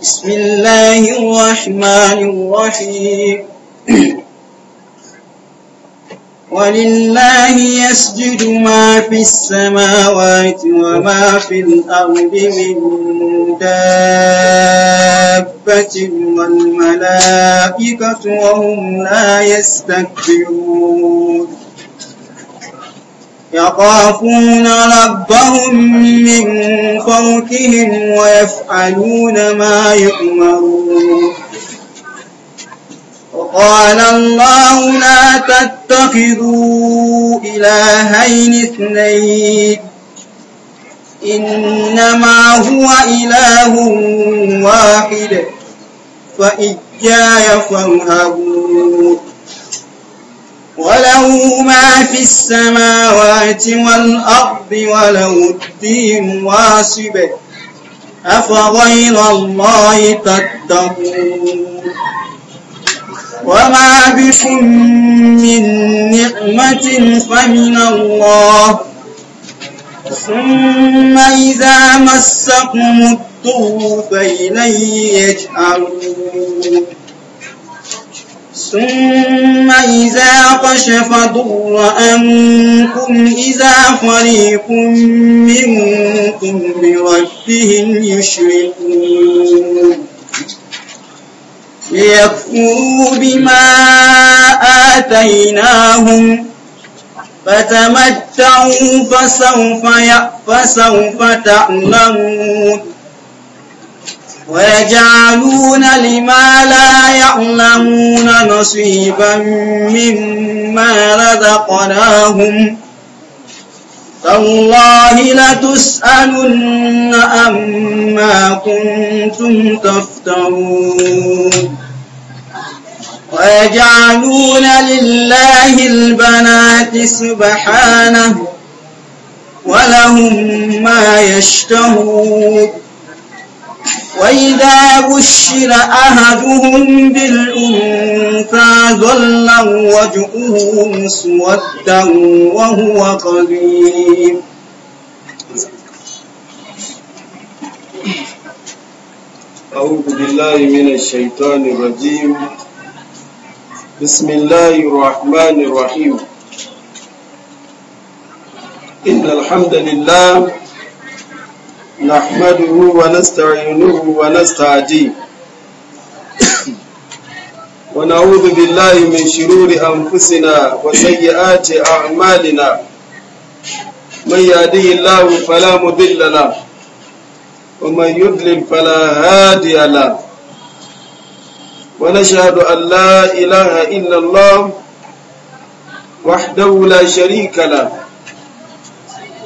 بسم الله الرحمن الرحيم ولله يسجد ما في السماوات وما في الأرض من دابة والملائكة وهم لا يستكبرون يخافون ربهم من فوقهم ويفعلون ما يؤمرون وقال الله لا تتخذوا إلهين اثنين إنما هو إله واحد فإياي فارهبون وله ما في السماء السماوات والأرض ولو الدين واسب أفغير الله تتقون وما بكم من نعمة فمن الله ثم إذا مسكم الضر فإليه يجأرون ثم إذا قشف ضر أنكم إذا فريق منكم بربهم يشركون ليكفروا بما آتيناهم فتمتعوا فسوف, فسوف تعلمون ويجعلون لما لا يعلمون نصيبا مما رزقناهم تالله لتسألن أما كنتم تفترون ويجعلون لله البنات سبحانه ولهم ما يشتهون وإذا بشر أحدهم بالأنثى ظل وجهه مسودا وهو قديم أعوذ بالله من الشيطان الرجيم بسم الله الرحمن الرحيم إن الحمد لله نحمده ونستعينه ونستعجيه ونعوذ بالله من شرور أنفسنا وسيئات أعمالنا من يهديه الله فلا مضل له ومن يضلل فلا هادي له ونشهد أن لا إله إلا الله وحده لا شريك له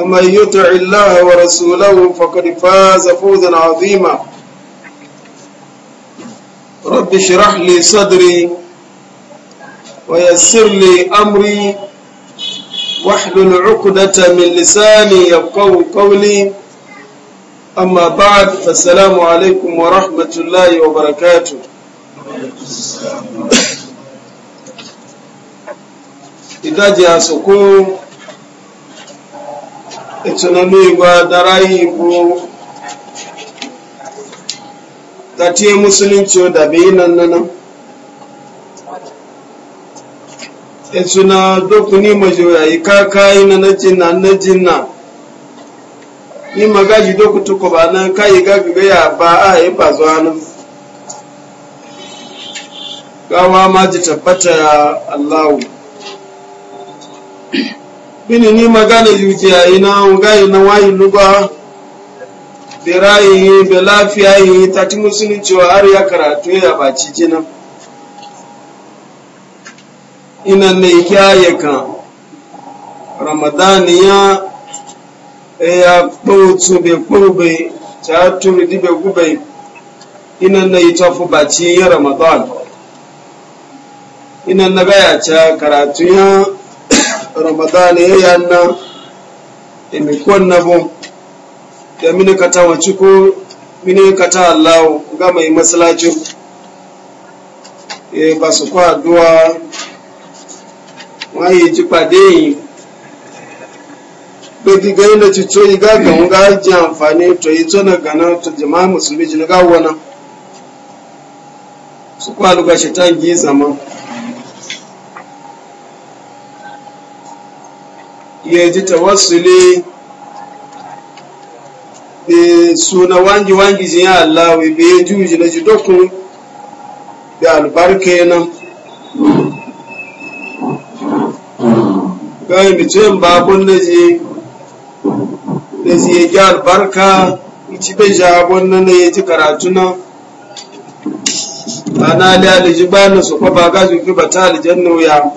ومن يطع الله ورسوله فقد فاز فوزا عظيما رب اشرح لي صدري ويسر لي أمري واحلل عقدة من لساني يبقوا قولي أما بعد فالسلام عليكم ورحمة الله وبركاته إذا جاء سكون tunanigwa da rahibu da tiye musulunci da bai nan nan suna dokuni majoyayi kakayi na najina najina ni magaji dokutu ko ba nan kayi gagaga ya ba a yi ba zuwa nan gawa ma ji tabbata allahu mini ni magana zuciya ina ngai na wayi luga be yi be lafiya yi ta ti musulunci wa har ya karatu ya baci jina ina ne kyaye kan ramadan ya e ya kpautu be bai ta tumi dibe gube ina ne yi fu baci ramadan ina na gaya ta karatu ya Ramadhani ya yanna emi kwanna bo da mini kata wace ko kata Allah ga mai e ba kwa addu'a wọ́n ti pàdé yìí gbẹ̀gì gẹ́yìn lè ti tó igá gẹ̀hún gá jẹ́ àǹfààní tó yí ya ji tawassuli da suna wangi wangi jin ya Allah wai bai juji na ji dokun da albarka yana kai mutum babun na ji da zai ji albarka ci bai jabon nan ya ji karatu na ana da alijibanin su kwa ba gajin fi ba ta alijannu ya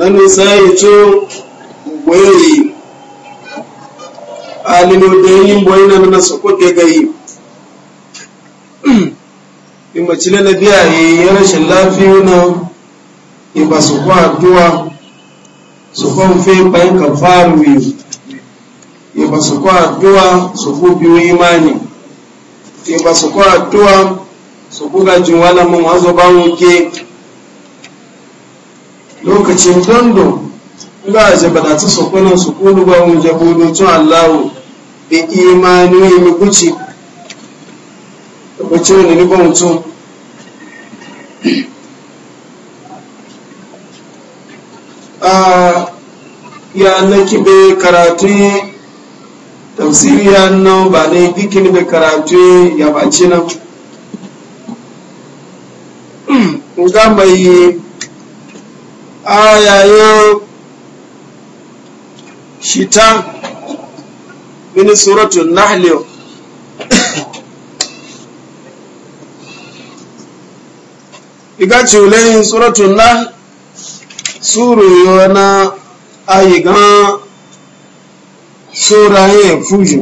nanu sai to wei alinu dayin boy nan na soko yi rashin lafiya na in ba su kwa addu'a su kwan fe bayan kan faru yi in ba su kwa addu'a su ku biyu imani in ba su kwa addu'a su kuka jin mun wazo ba mu lokacin dondo ga a jabata ta sokunan su kudu ba mu jabudu tun allahu da imani ne mu guci da kwace wani ni ban tun ya annaki be karatu tafsiri ya nan ba ne dikin be karatu ya baci nan ga mai ayayo shita mini suratul nahl iga ciwulayin suratul nahl suru yana ayigan sura yin fujo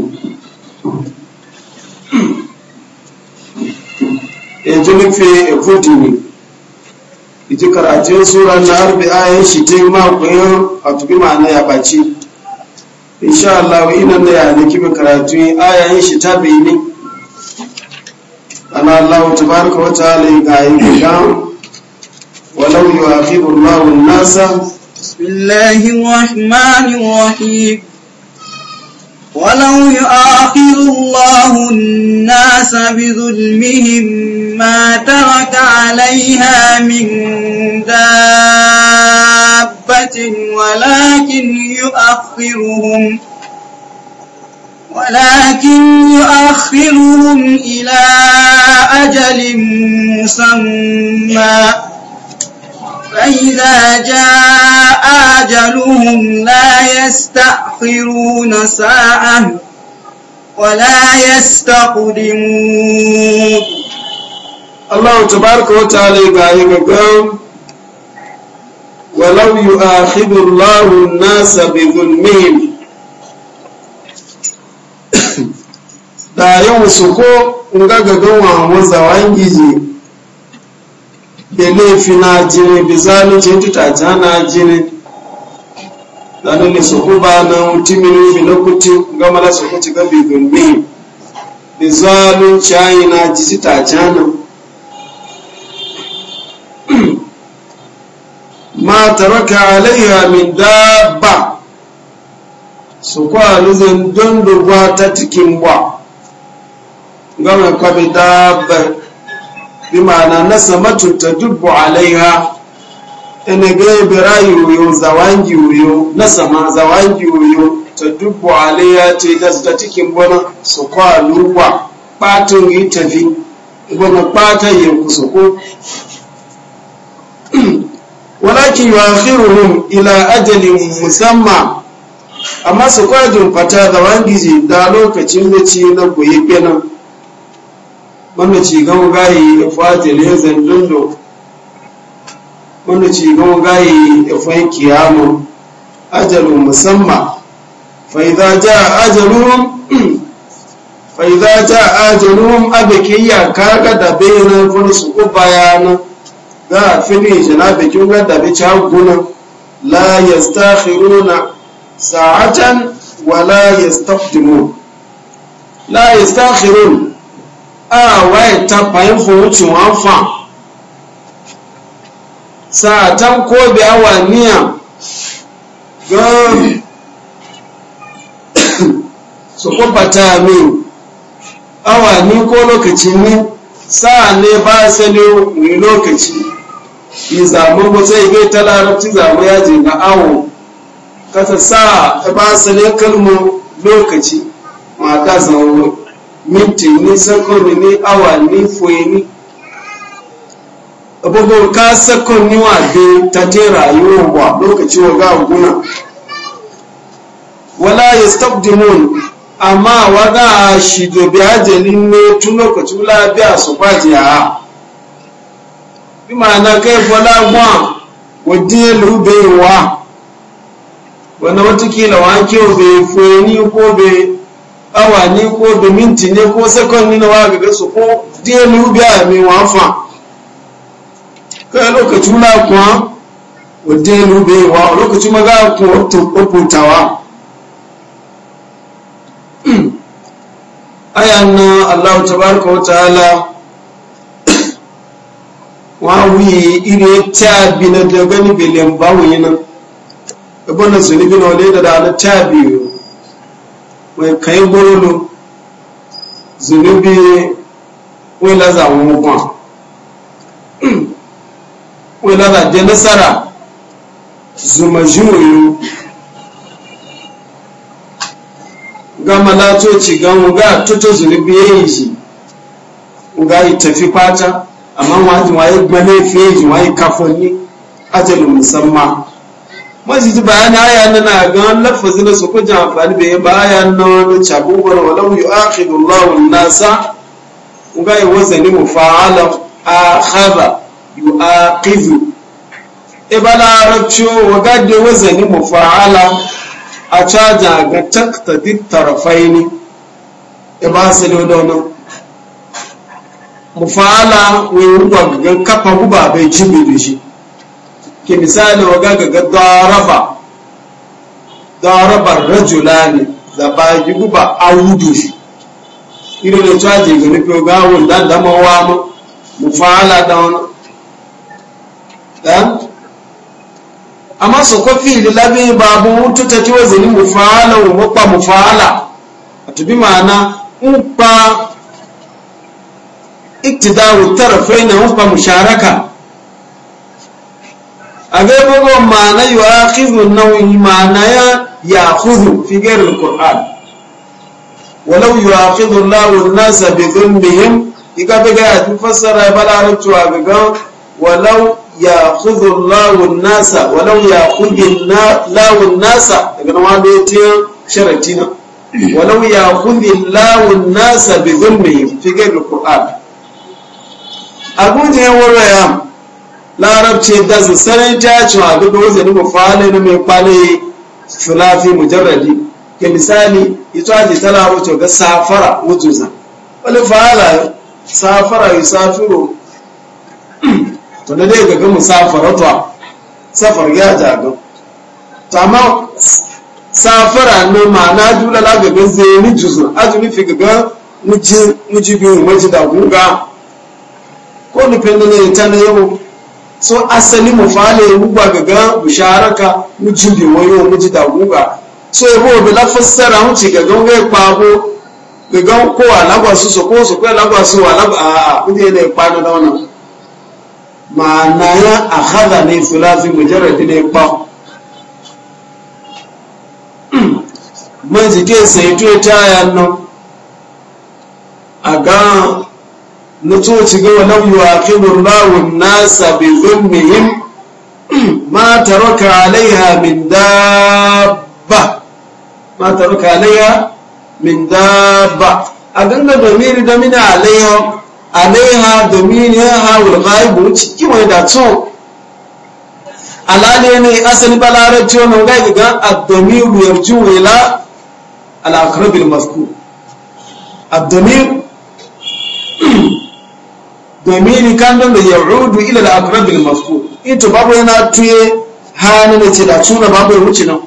ejo nufi ne iti karatun sura na harbi ayan shi ta yi makoyin a tubi ma'ana ya baci insha Allah inan da ya da kibin karatun ayan shi ta ne ana Allah wata barka wata halin ga yi gudan walau yu'aqibu Allahu an-nasa bismillahir rahmanir rahim ولو يؤاخذ الله الناس بظلمهم ما ترك عليها من دابة ولكن يؤخرهم ولكن يؤخرهم إلى أجل مسمى فإذا جاء آجلهم لا يستأخرون ساعة ولا يستقدمون الله تبارك وتعالى يقول ولو يؤاخذ الله الناس بظلمهم da yawan su ko in ga gagawa wanzawa gije da laifi na jini bi zalunci tuta ta na jini zanen da su kuba na mutumin bi lokuti gama da su kuci gabi gumbi bi zalunci ayi na jisi ta jana ma taraka alaiha min dabba su kwa luzin don dogwa ta cikin ba gama kwabi dabbar bi ma'ana na samatu ta dubbu alaiha ina ga bira yoyo zawangi yoyo nasa ma zawangi yoyo ta dubbu alaiha ta yi ta cikin gwana su kwa luwa ɓatan yi tafi bana ɓatan yi kusa ko walakin yuakhiruhum ila ajalin musamma amma su kwajin fata da wangiji da lokacin da ci na goyi kenan wanda ci gan gaye ya fati ne zandun do wanda ci gan gaye ya fai kiyamu ajalu musamma fa idza jaa ajaluhum fa idza jaa ajaluhum abakiya kaga da bayanan fun su ko bayanan ga finish na bikin ga da bi chaguna la yastakhiruna sa'atan wala yastaqdimu la yastakhiruna ta ah, ìtapà ìfowó wanfa sa tan ko bi àwà níyà gan su bàtà mi Awa ni ko lokaci ni? sáà ne ba sani ni lokaci yi zamu ko sai gai ta larabci zamu yaji na awo kasa sa e ba sani kalmo lokaci ka zauro minti ni sakon ni awa ni foye ni abubuwan ka sakon ni wa bi ta te rayuwar wa lokaci wa ga guna wala ya stabdimun amma wa ga shi dobi ajalin ne tun lokaci wula biya su kwaji a bi ma'ana kai fola gwa wadda ya lube wa wanda watakila wa kewa bai foye ni ko bai Awa ni ko da minti ne ko sakonni na wa ga su ko diya ubi a wa wafa kai lokaci muna kuwa wa diya ubi wa lokaci maga kuwa tuputawa ayan na allahu tabaraka wa ta'ala wa wuyi ire ta bi na da nan belen bawo yana ibn na wale da da ta biyu wai kai bolo zunubi wai laza mugun wai laza je nasara zuma juyo gama latoci gamu ga tuto zunubi ya yi shi ga yi tafi fata amma wajen waye gbane fiye ji waye kafin yi ajalin musamman majiji bayan aya na na gan lafazi na su kuja amfani da yin bayan na wani cagubar walau yi akhidullahu nasa ga yi wazani mu fa'ala akhaba yu akhidu ibala e rabcio wa gadde wazani mu fa'ala a caja ga taktadi tarafaini iba e su ne wani mu fa'ala wani gwaggwan kafa guba bai jibi da shi ke misali wa gaga daraba daraba rajula ne da ba yi guba a wudu shi irin da caji ga nufi gawon dan dama wa mu fa'la da wani dan eh? amma su kofi da labi babu mutu ta kiwa zini mufala wa mukpa fa'la a tubi ma'ana in ba iktidaru tarafaina na ba musharaka A mana yuakhidhu nawi mana ya ya'khudhu fi ghayr al walau yuakhidhu ya bala rutu walau ya'khudhu Allahu an-nasa walau ya'khudhu Allahu an-nasa daga nan da sharatina walau ya'khudhu Allahu an-nasa bi dhunbihim fi ghayr al larabci da su sarai jacin a duk wasu ne mafale na mai kwale sulafi mujarradi ke misali ito aji ta larabci ga safara wujuza wani fa'ala safara yi safiro to na dai gaga musafara to safar ya jaga to amma safara na ma'ana jula la gaga zai ni juzu ajuni fi gaga mujibin majida guga ko nufin da ne ta na yau so asali mu fale gugwa gaga musharaka mu jubi wayo mu ji da guga so yabo be la fassara mu ci gaga ngai e kwabo gaga ko ala gwa su so ko so ko ala gwa su ala a a kuje ne kwano da wannan ma'ana ya akhadha ne sulasi mujarrad ne kwa mun ji ke sai to e ta nan na coci ga walau yuwaqibu Allahu an-nasa bi dhulmihim ma taraka 'alayha min dabba ma taraka min dabba a ganga domini da alaiha alaiha domini ya hawul ghaibu ciki mai da to alale ne asali balarabci wannan gai ga ad-damiru domin kan da yaudu ila da akrabil masu ito babu yana tuye hannu da ce da tuna babu ya wuce nan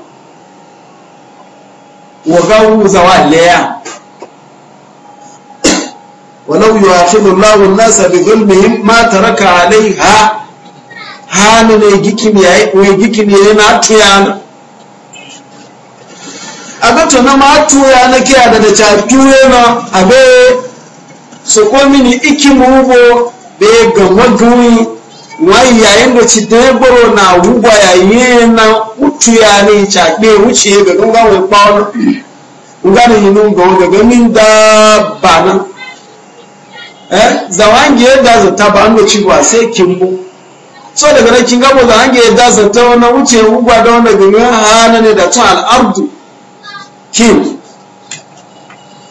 wa gawu zawa laya walau wa Allahu an-nasa bi dhulmihim ma ta raka hannu ne gikin yayi wai gikin yayi na tuya a gata na ma na kiya da ta tuya na abe so ko mini iki mubo be ga maduyi wai yayin da ci dai na wugwa yayin na utu ya ne cha be wuce ga gunga wai pawo gunga ne yinu ga ga min da bana eh zawangi ya da zata ba an ci ba sai kimbo so daga nan kin ga mu zawangi ya da zata wannan wuce wugwa da wannan gunga hana ne da ta al'ardu kim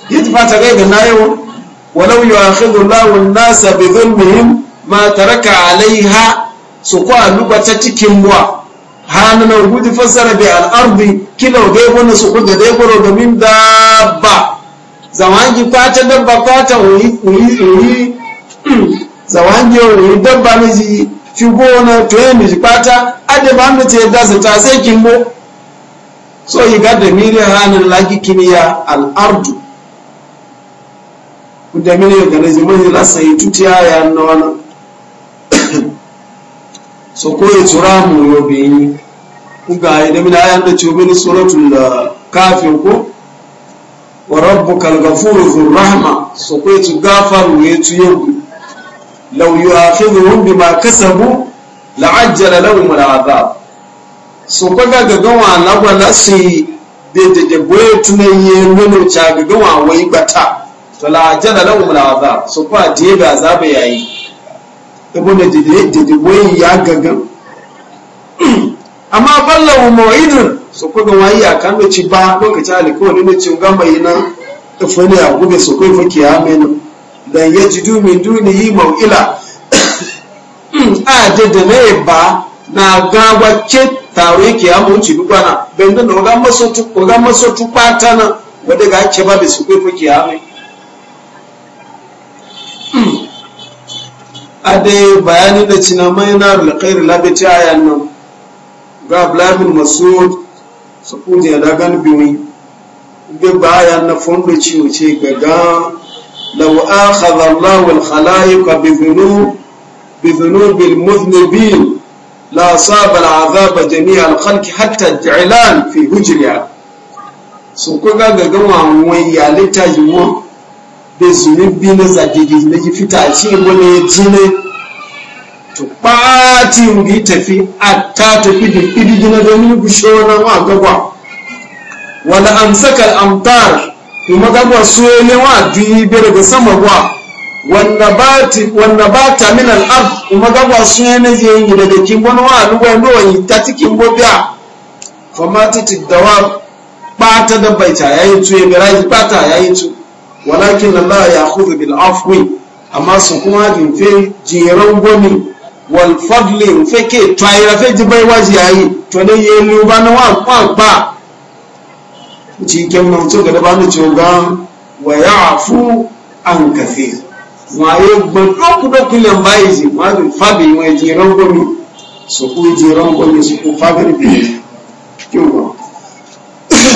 yi ta ga na nayo walau yu'akhidhu Allahu an-nasa bi dhulmihim ma taraka 'alayha su ko aluba ta cikin wa hana na gudu fassara bi al-ardi kilo dai gona su ko da dai da min dabba zawangi fata dabba fata uyi uyi zawangi uyi dabba ne ji fi gona to yi mi fata ade ba mu ce da ta sai kimbo so yi ga da miri hanin lagi kimiya al-ardu kuda mini gane zai zima ne lasa yi tutiya ya na wani so ko ya tura mu yo bi kuga idan mina ayan da ciwo mini suratul kafir ko wa rabbukal ghafuru dhur rahma so ko ya gafaru ya tuyo law yu'akhidhuhum bima kasabu la'ajjala lahum al'adhab so ko ga ga gawa lagwa lasi de de boye tunaye nono cha ga gawa wai gbata to la jana lahum al'azab so kwa je ba azaba yayi ibn jide jide wai ya gagan amma ballahu mu'idun so ko ga wai ya kan ci ba lokacin alƙawarin ne ga gamba yana tafani a gube so ko fa kiyame nan dan yajidu min dunihi maw'ila a jade ne ba na gawa ke tare kiyamu ci dukwana na, ga maso tu ga maso tu patana wadda ga ake ba da su ko fa kiyame ade bayani da cina mai na alkhairu labe ci ayan nan ga blamin masud su a da gan biwi ga bayan na fondo ci wuce gaga ga law akhadha Allah al khalaiq bi dhunub bi dhunub al mudhnibin la asaba al azab jami' al khalq hatta al i'lan fi hujriya su kuga ga ga wa wani ya litaji mu be zunubi na zagege na ji fita shi wani ya ji ne to ɓati ngi tafi a ta tafi da idiji na domin gushewa na wa gaba wani amsakar amtar kuma gaba su ne wa duyi bere daga sama gwa wanda ba ta min al'ab kuma gaba su ne je yi daga kimbon wa luwa luwa yi ta ci kimbo biya famata ti dawa ɓata da bai ta yayin tu ya bira ji ɓata yayin tu walakin Allah ya khudhu bil afwi amma su kuma jin fe jiran gomi wal fadli fe ke tayra fe ji bai waji yayi to ne ye lu ba na wa pa pa ji kem na to ga ba ni to ga wa ya'fu an kathir wa ye gbon ku do ku le mbai ji wa bi fabi wa jiran gomi su ku jiran gomi su ku fabi ki ko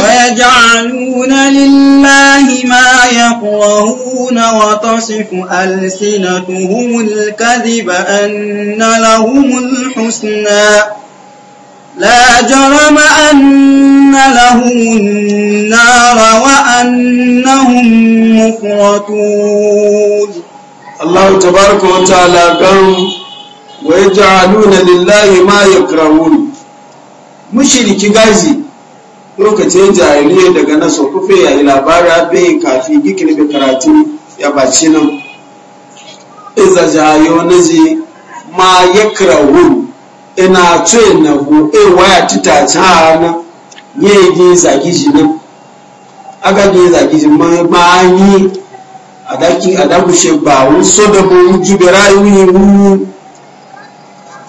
ويجعلون لله ما يكرهون وتصف ألسنتهم الكذب أن لهم الحسنى لا جرم أن لهم النار وأنهم مفرطون الله تبارك وتعالى قال ويجعلون لله ما يكرهون مشرك غازي lokacin jahiliya daga na sokufe ya yi labara bai kafi gikin da karatu ya baci nan iza jayo na je ma ya kirahun ina tsoye na go e waya tita ci hana ya yi gi zagi ji nan aka gi zagi ji ma yi adaki adakushe ba wun so da bu jube rayuwi wuru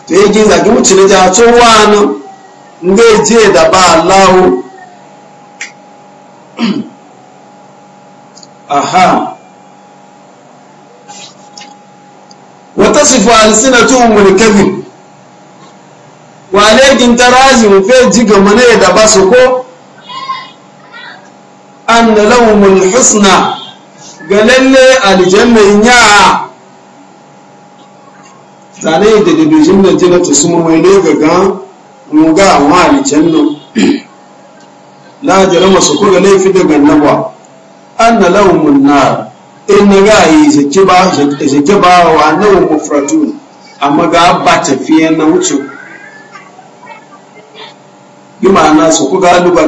to yi gi zagi wuce na ja wa nan ngai je da ba allahu aha wata sifa alisina tuhun ta wale gintarazi fe jiga mana da ba su ko an lahumul husna ga lalle aljannan ya tare da didijin da jina ta su mai ne ga ga mu ga wa aljannan la su laifi anna lahum nar inna yi zake ba zake ba wa annahum mufratun amma ga abata tafiyan na wuce bi ma su ku ga luba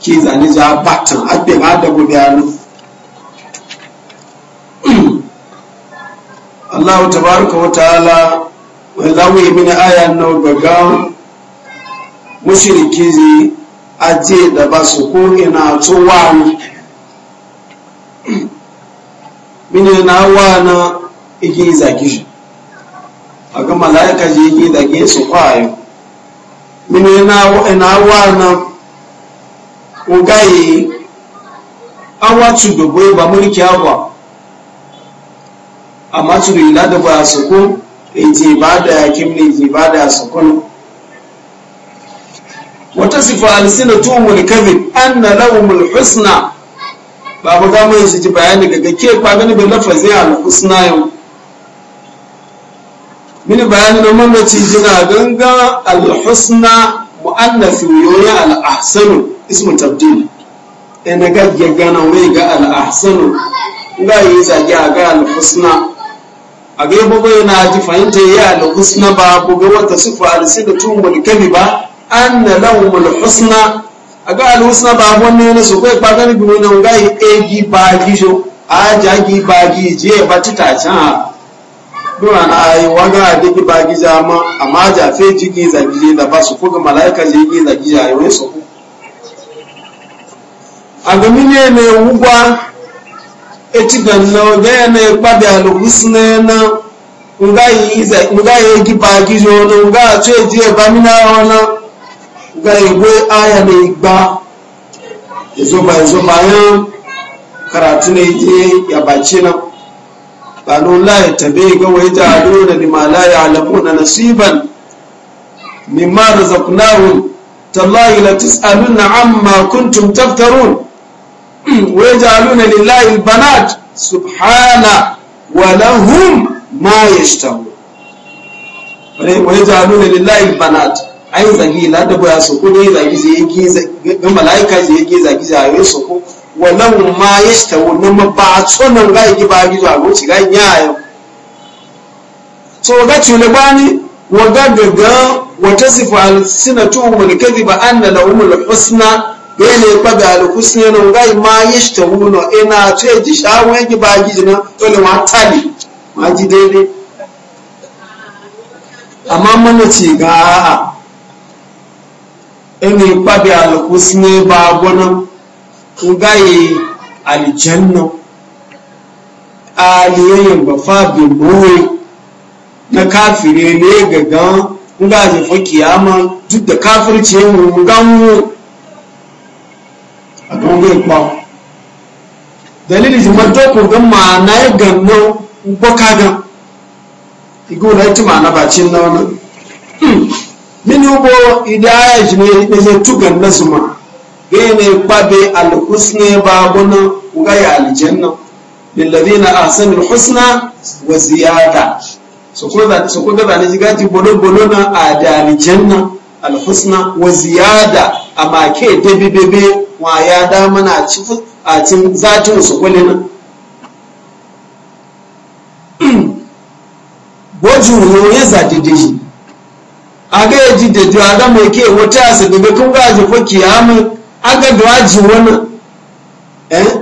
ki zani za batan abbe ma da gudanu Allah tabaraka wa ta'ala wa zawi na da ba su mini na wa na yi zaki shi a ga mala'ika ji igi zaki su kwayo mini na wa na ugayi awa tu dogo ba mulki awa amma tu ila da ba su ko eji ba da yakin ne e ji ba da su kun wata sifa alsinatu an anna lahumul husna babu damar mai ji bayani daga ke kwa gani da a al-husna yau mini bayani na mamaci jina ganga al-husna mu'annafi yoyi al-ahsanu ismu tabdil ina ga gana wai ga al-ahsanu ga yi zage a ga al-husna a ga yabo yana ji fahimta ya al-husna ba ko ga wata sufa al wani wal ba. An na al-husna aga alusa ba wani ne su kai pagani bi wani ga egi bagi jo aja gi bagi je batita cha dora na ayi waga de gi bagi za ma amma ja fe jigi za gije da ba su ko ga malaika je gi za gije ayi wani su aga mine ne wugwa eti ganna ga ne pabi alusne na nga yi za nga egi bagi jo nga che je ba mina ona gba ìwé aya na igba ìzọba ìzọba yẹn karatu na ije yabace na ba nun laye tabe ga wai ta aduna lima la ya'lamuna nasiban mimma razaqnahum tallahi la tus'aluna amma kuntum taftarun wa yaj'aluna lillahi albanat subhana wa lahum ma yashtahun wa yaj'aluna lillahi albanat ai zagi na da baya su ko dai zagi sai yake ga malaika sai yake zagi jayo su ko wannan ma yashtawu na mabatso nan ga yake ba gizo a goci ga yayo so ga ne bani wa ga gaga wa tasifu al sinatuhum al kadhiba anna lahum al husna bele da al husna nan ga ma yashtawu wono ina e ce ji shawo yake ba gizo na ne ma tali ma ji daidai amma mun ce ga a'a ina kwabi alkusne ba gwanan ngaye aljanna aliyayin ba fabi moye na kafire ne gaga nga zafa kiyama duk da kafirce mu ganwo a ganwo ikpa dalilin shi matoko ga ma'ana ya gannan gwaka gan igu na ita ma'ana bacin na wani mini bo idaya shi ne ɗaya tugan na zuma gai ne kwabe alhusne babuna ga ya aljanna lillazina ahsanul husna wa ziyada so ko da so ko da ne jiga ji bolo bolo na adal janna alhusna wa ziyada amma ke dabi bebe wa ya da mana ci a cin zatin su kule na boju ne ya zadide aga ya ji da juwa ga mai ke wata ya sabi ga kun gaji ko kiyami aga da waji wani e? eh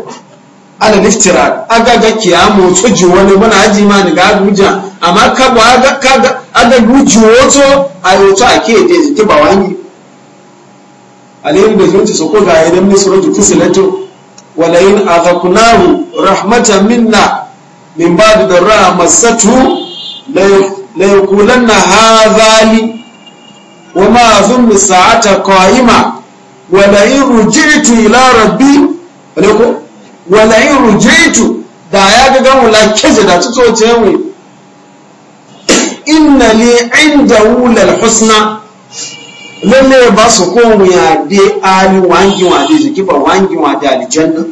ala liftira aga ga kiyamu wato ji wani wani aji ma ni ga guja amma ka ba aga ka aga guji wato wato a ke da ji ba wani alayhi da jinta su ko ga idan ne suratu fusilatu walayin in azaqnahu rahmatan minna min ba'di darra masatu la yaqulanna hadha li wa ma misata sa'ata qa'ima wa la in rujitu ila rabbi alako wa la da ya ga gamu la keje da tuto ce mu inna li indahu lal husna lalle ba su ko mu ya de ali wangi wa de wangi wa de aljanna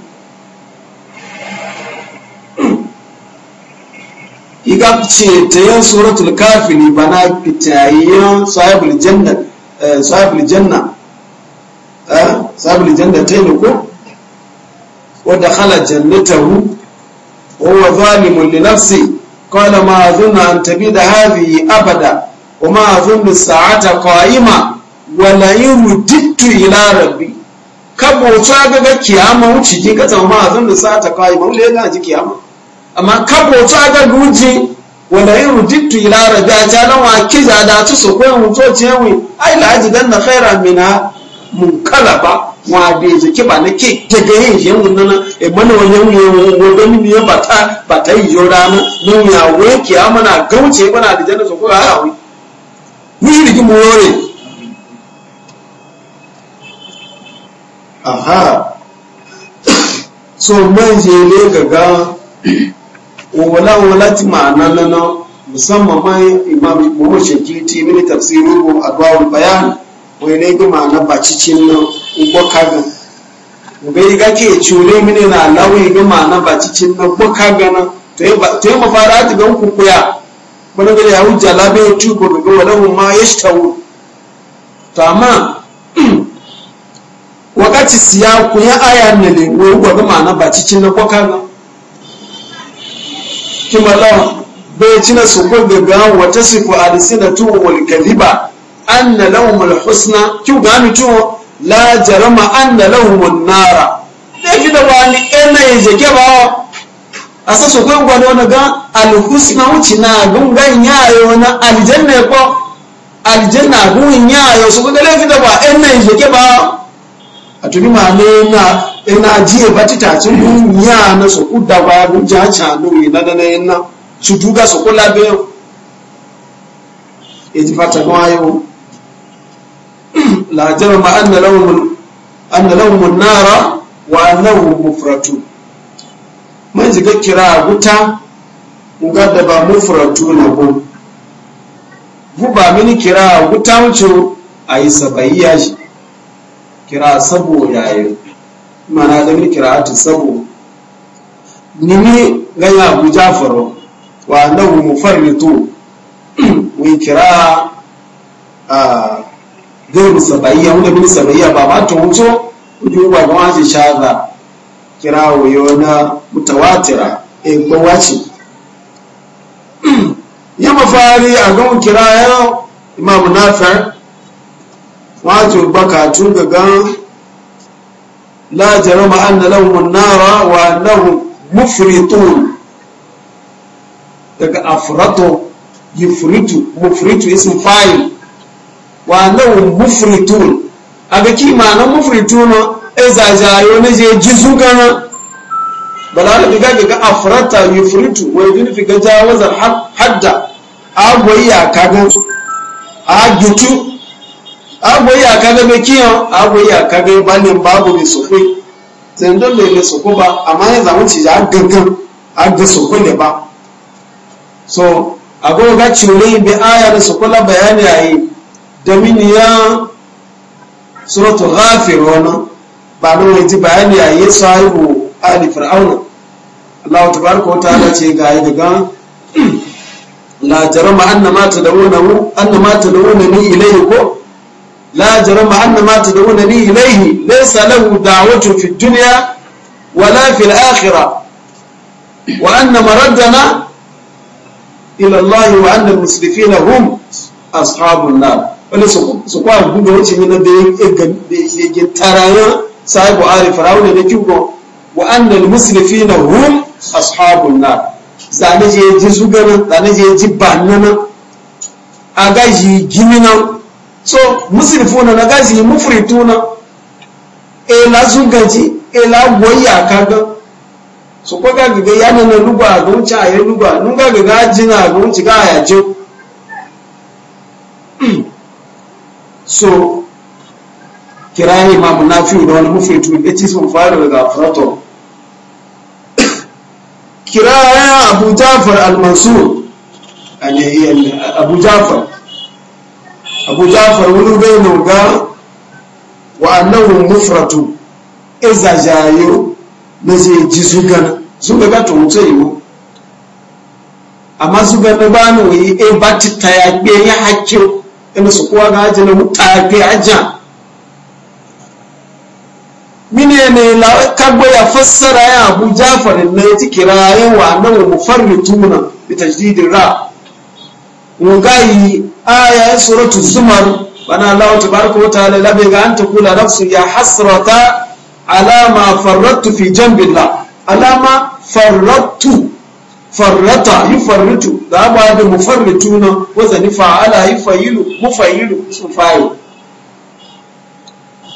iga ce ta yin suratul kafiri bana kitayen sahibul janna eh, sahibul janna eh, sahibul janna ta ne ko wa dakhala hu wa huwa zalimun li nafsi qala ma azunna an tabida hadhihi abada wa ma azunnu as-sa'ata qa'ima wa la yumuddu ila rabbi kabo ta ga kiyama wuce ji ka zama ma azunnu as-sa'ata qa'ima wule yana ji kiyama amma kapo ta ga guji wanda yin rudittu ila raja ta na wa kiza da ta su koyin mutu ce wi ai la ji dan na khaira mina mun kalaba wa bi ji ke ba nake ke ga yin yin nan e mana wannan yin go ga ni ya bata bata yi yora mu mun ya we ke amana gauce bana da janna su ko ha wi ni ki mu yore aha so man je le ga ga wala wala ti ma'ana lana musamman ma imam muhammad shakiti mini tafsirin ko adwawul bayan wai ne bi ma'ana bacicin nan ugbo kaga ugai ga ke cure mini na lawi ga ma'ana bacicin nan ko kaga na to ya mafara ta ga ku kuya wani gari ya hujja labe ya tubo ga wala ma yashtawu to amma wakati siya ku ya aya ne le wai ga ma'ana bacicin nan ko kaga kimala bai cina su da gaga wata su ko da tuwo wal kadhiba anna lahum al husna ga gani tuwo la jarama anna lahum an nara dai da wani ena yaje ke ba asa su ko gwado wani ga al husna wuci na gungan yayo na aljanna ko na gungan yayo su ko da lafi da ba ena yaje ke ba a tuni ma ne na ina jiye bati tacin duniya na su kudda ba mun ja cha no da na na su duga su kula be yaji e fata ko ayo la ma anna lahum anna lahum an-nara wa annahu mufratu man ga kira guta ga da ba mufratu na bu ba mini kira guta wuce ayi sabayya shi kira sabo yayin mana gamin kira'atin sabu nimi ganya abu jafaro wa annahu mufarritu wi kira'a a gaibu sabaiya wanda bin sabaiya ba ba ta wuto uju ba ga wace shaza kirawo yona mutawatira e gbawace ya mafari a gan kira'a imamu nafar wato bakatu ga gan la jarama anna lahum an-nara wa annahum mufritun daga afrato yufritu mufritu ism fa'il wa annahum mufritun aga ki ma'anar mufritun ezajayo na je jizu gana balala diga daga afrata yufritu wa yudin fi gajawaza hadda agwai ya kago agitu agbo yi kaga be kiyo agbo yi akabe balin babu be sokwe zendon be le soko ba amma ya zamu ci ya gangan agbe soko ne ba so agbo ga cire bi aya da sokwe la bayani ayi da ya suratul ghafir wana ba nan wai ji bayani ayi sahibu ali fir'auna Allah tabaraka wa ta'ala ce ga yi daga la jarama annama tadawuna annama tadawuna ni ilayhi ko لا جرم أن ما تدعونني إليه ليس له دعوة في الدنيا ولا في maradana وأن مردنا إلى الله وأن المسرفين هم النار wani su kwa gudu wuce da ya ke tarayen sahibu farawuna da kyugo wa annal hum ashabun na zane ji zugana zane ji giminan so musrifuna na gazi mufrituna e la zungaji e la goya kaga so ko ga gibe ya ne lugba don cha ya lugba nun ga ga jina don ci ga ya jo so kirani ma munafi da wani mufritu e ci sun fara daga frato kiraya abu jafar al-mansur abu jafar abu jafar wani bai nuga wa annahum mufratu iza jayo na zai ji zugana zuga ga tun mutu yiwu amma zuga na ba ni wai e ba ti ta ya gbe ya hakkin ina e su kuwa ga ajin na mutafi mini mine ne la kagbo ya fassara ya abu jafar na ya ti yi wa annahum mufarrituna bi tajdidin ra mun ga yi aya ya suratu zumar bana Allah tabaraka wa ta'ala labe ga anta kula nafsu ya hasrata ala ma farrattu fi jambillah ala ma farrattu farrata yufarritu da ba da mufarrituna wa zani fa'ala yufayilu mufayilu sun fayi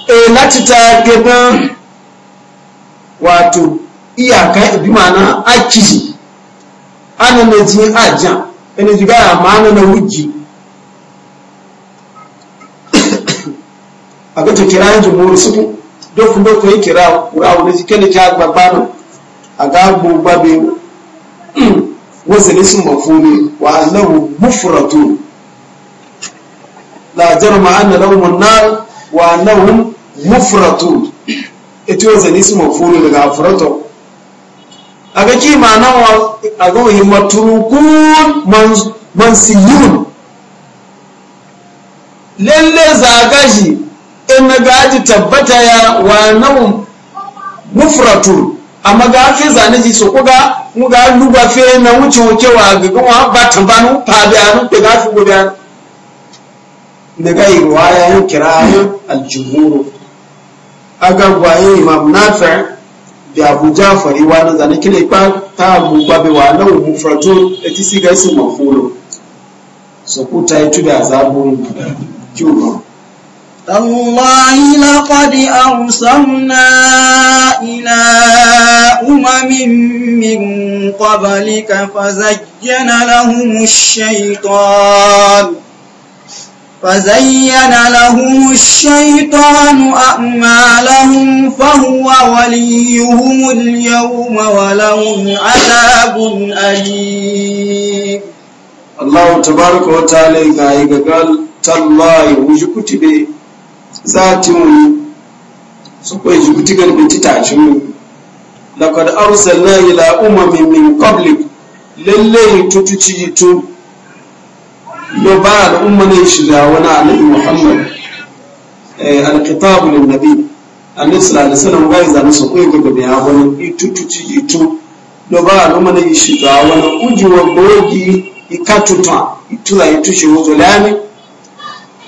e lati ta gaban wato iyaka bi ma'ana akiji ana na ji ajan ina ji ga ma'ana na wuji aga to kira jumhur suku dokun dokun yi kira wani qur'an ne kene ka babano aga bu babe sun mafu ne wa annahu mufratun la jarma an da an na wa annahum ita ito sun mafu ne daga a ga ki na wa aga maturukun mansiyun lalle zagashi in na gaji tabbata ya wa mufratu amma ga zane ji so kuga muga luba fe na wuce wuce wa gaga ba tambanu ta da anu da ga fi gudan da ga yi riwaya yin kirayen aljumhur aga gwaye imam nafi da abu jafari wa na zane kile pa ta mu ba be wa nawun mufratu eti siga isu mafulu so kuta yi da azabun تالله لقد أرسلنا إلى أمم من قبلك فزين لهم الشيطان فزين لهم الشيطان أعمالهم فهو وليهم اليوم ولهم عذاب أليم الله تبارك وتعالى قال تالله وجكتبه za ci mu su kwa ji kuti galibin ci tashi mu laqad arsalna yi umamin min public lalle yi tutuci yitu yo ba da umma ne shi da wani annabi muhammad alkitab lin nabi annabi sallallahu alaihi wasallam ga zanu su ko ga da ya wani tutuci yitu do ba a al'umma ne shi da wani ujiwa bogi ikatuta itula yitu shi ki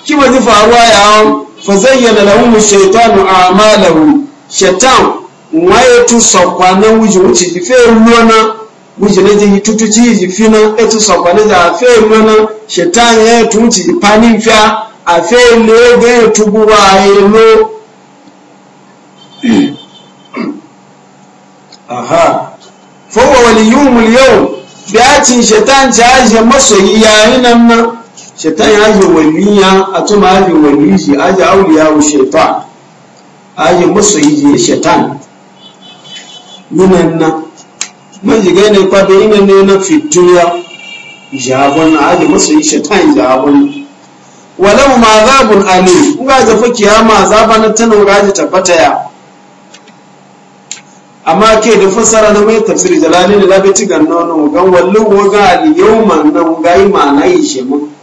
kiba zifa faruwa ya fazayyana lahum shaytanu a'malahum shaytan waye tu sokwana wuji wuci bi fe ruwana wuji ne ji tutu ji ji fina e tu sokwana ja fe ruwana shaytan ye tu wuci ji pani fia a fe le ge ya buwa ye lo aha fa wa waliyum al-yawm bi atin shaytan ja ja yi yayin nan shaitan ya yi waliya a tuma ya yi waliyi shi a ji auliya wa shaitan a yi musu yi shaitan minan na man shiga ne kwada ina ne na fituya jabon a ji musu yi shaitan jabon walau ma zabun ali kuka zafi kiyama zaba na tanin gaji tabbata ya amma ke da fassara na mai tafsir jalali da labi tigan nono gan wallu wa ga al ma nan ga na yi shemu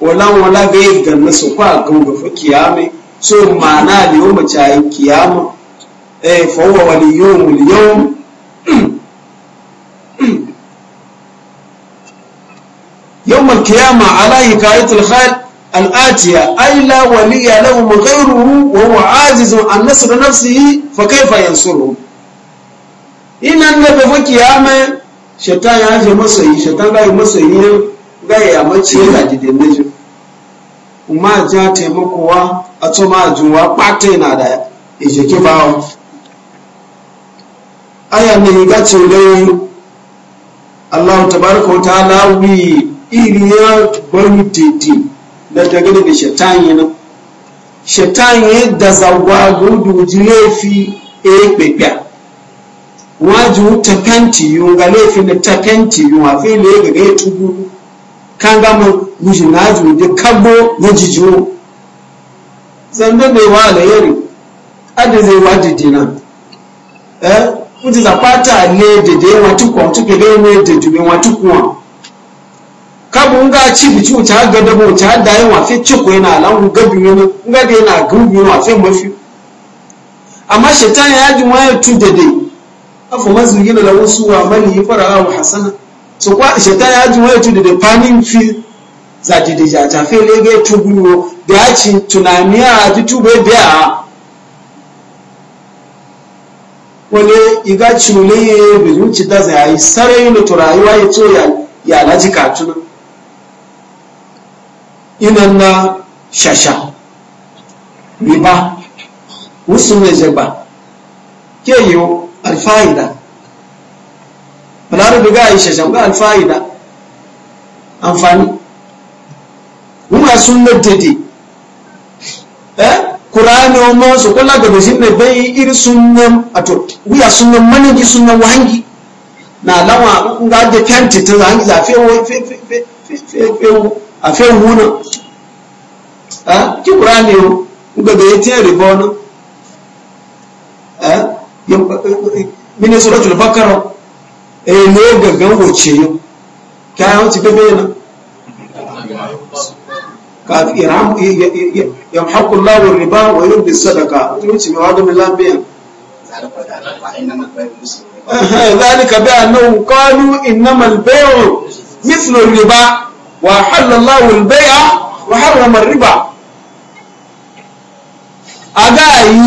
wala wala ga yi ganna su kwa kan gafa kiyame so ma'ana da yau mace kiyama eh fawwa wani yau miliyon يوم القيامة على حكاية الخال الآتية أي لا ولي له غيره وهو عاجز عن نصر نفسه فكيف ينصره إن النبي في القيامة شيطان يعجي مصري شيطان لا يمصري gaya mace yana gidan mijin Kuma ja taimakowa a tsoma juwa ɓata yana da ijeke bawa aya ne ga dai Allah tabaraka wa ta'ala wi iriya bani titi da daga da shaitan yana shaitan ya da zawa gudu jirefi e eh, pepe waju ta kanti yunga lefi na ta kanti yunga fili ga ga tubu kangama miji na ju de kagbo na jijo zando de wa le yeri ade ze wa didi na eh uti zapata le dede wa tukwa tuke be ne dede be wa tukwa kabu nga chibi chu cha gado bo cha dai wa fe chukwe na ala ngu gabi ne nga de na gubi wa fe mafi amma shetan ya ju wa tu dede afu mazungina la usu wa mali fara wa hasana so kwa shetani aji wetu da panin fi za ji da ja ta fele ga tuguro da ya ci tunani a ji tube da wani iga cule ya bi zuci da za yi sarai da turayuwa ya to ya laji katuna inan na shasha riba wasu ne jaba ke yi alfa'ida balarabe ga aisha sham ga da amfani wuya sunnar dede eh qur'ani kula ga bishin da bai ir sunnan ato wuya sunnan maniji sunnan wahangi na lawa ga da fenti ta zangi zafe a fe wuna eh ki qur'ani ga èlò gẹ̀gẹ̀wò tìyó kí a ti gbé bẹ́ẹ̀ náà yàmhàkùnláwò rìbá wà yóò bí sadaka tí ó ti mẹ́ wá ذلك بأنه قالوا إنما البيع مثل الربا وحل الله البيع وحرم الربا أغاي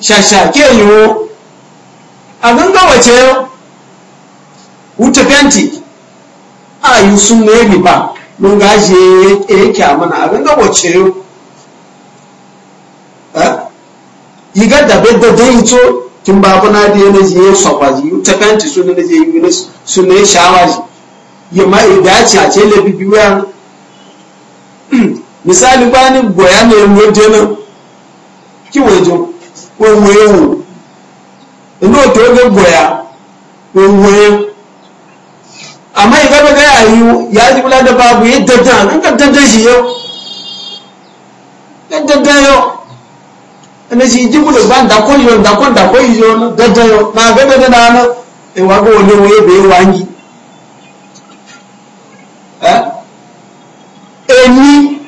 شاشاكيو أغنقوة anti a yi sun ne riba mun gashi ya yi kyamana abin da wace yau yi ga dabe da dai to kin babu na da yana je sofa ji ta kanti sun ne je yi sun ne shawa ji ya ma dace a ce labi biya misali ba ni goya ne mu je nan ki wajo ko wewu ino to ga goya ko wewu amma ya gaba ga yayi ya ji bula da babu ya daddan an ka daddan shi yau daddan yau ana shi ji bula ba da ko yau da ko da ko yau daddan yau na ga da na na e wa go ne waye be wangi eh eni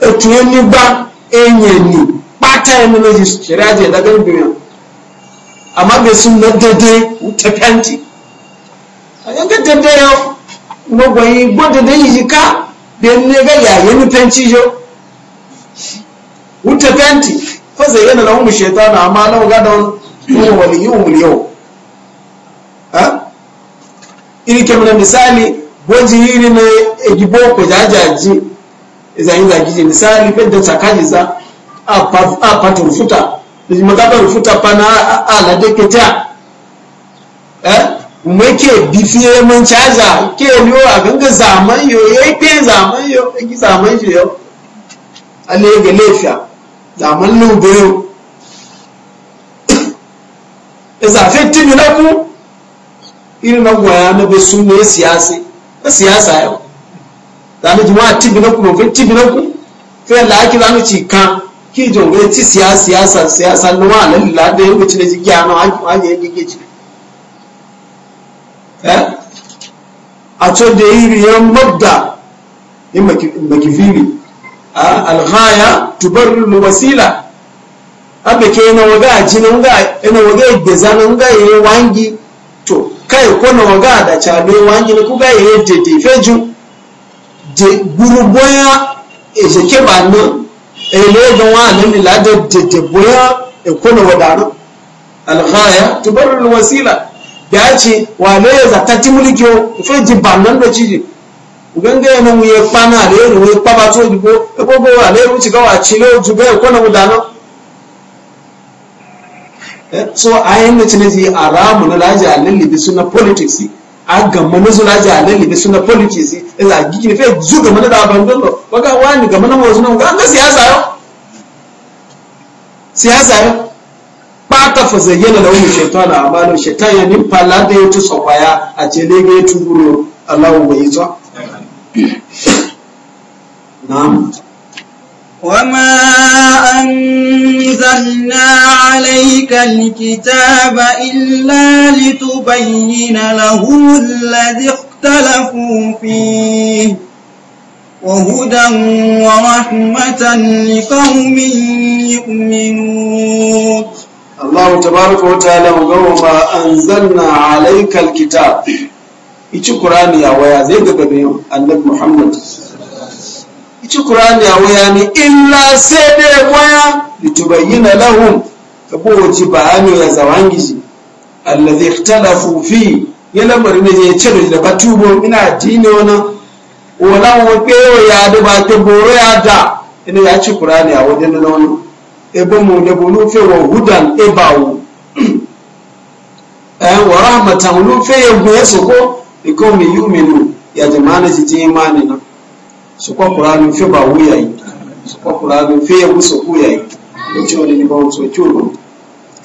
etu eni ba enye ni pata eni ne ji shiraje daga biyan amma be sun na dadde ta fanti ga tada yau magwayi gwada da yi jika biyan ne ga yayin fenti jo wuta fenti fa zai yana lahun shaitana amma iri kemina misali gwaji iri na egibo ko jajaji izayin misali fenta tsakajiza a patin futa da makabar futa pana a make bifiye mun caza ke yo a ganga zaman yo yayi pe zaman yo ki zaman yo ale ga lafiya zaman lu bayo iza tibi na ku irin na goya na be su ne siyasa na siyasa yo da mu jima tibi na ku no tibi na ku fe la ake zanu ci kan ki jonge ti siyasa siyasa siyasa no ma lalilla da yau ci da ji gyano a je ji ci a to da iriyar mabda in makifiri alghaya tubarru wasila abe ke na waga a jina na waga yadda zana nga yi wangi to kai ko na waga da cabe wangi na kuga yi yadda tefeju de guruboya ezeke ba na ele ga wa ne ila da de boya e ko na wadana alghaya tubarru wasila ya ce wane ya zata ti mulki o ife ji bannan da ciji uganga ya nan ya kpana alheri wani kpaba to digbo ekwogo alheri wuce gawa cile oju ga ya kwana mudana so a yin na cinaji a ramu na laji a lallibi suna politics a gama na zula ji a lallibi suna politics ya e za gigi ne fe zu gama na da abandon ba ga wani gama na mawazu na ga an ga siyasa yau siyasa yau hata da zayyana lahum shaytanu a'malu shaytan ya nimfa lada ya tusa kwaya a ce ne ga ya tuguro Allahu bai zo na'am وما أنزلنا عليك الكتاب إلا لتبين لهم الذي اختلفوا فيه وهدى ورحمة لقوم يؤمنون Allah tabaraka wa ta'ala gawa ma anzalna alayka alkitab ichi qur'ani a waya zai daga bayan annabi Muhammad ichi qur'ani ya waya ni illa sai dai waya litubayyana lahum kaboji bayani ya zawangiji alladhi yana marina ya ce da batubo ina addini wannan wala wa ya da ba boro ya da ina ya ci qur'ani a wajen da wannan ebe mu da bu nufe wa hudan ebawo eh wa rahmatan nufe ya gwe su ko iko mi yuminu ya jama'ana ji ji imani na su kwa qur'ani fe ba wu yayi su kwa qur'ani fe ya gusa wuya yi ko ce wani ba so ciwo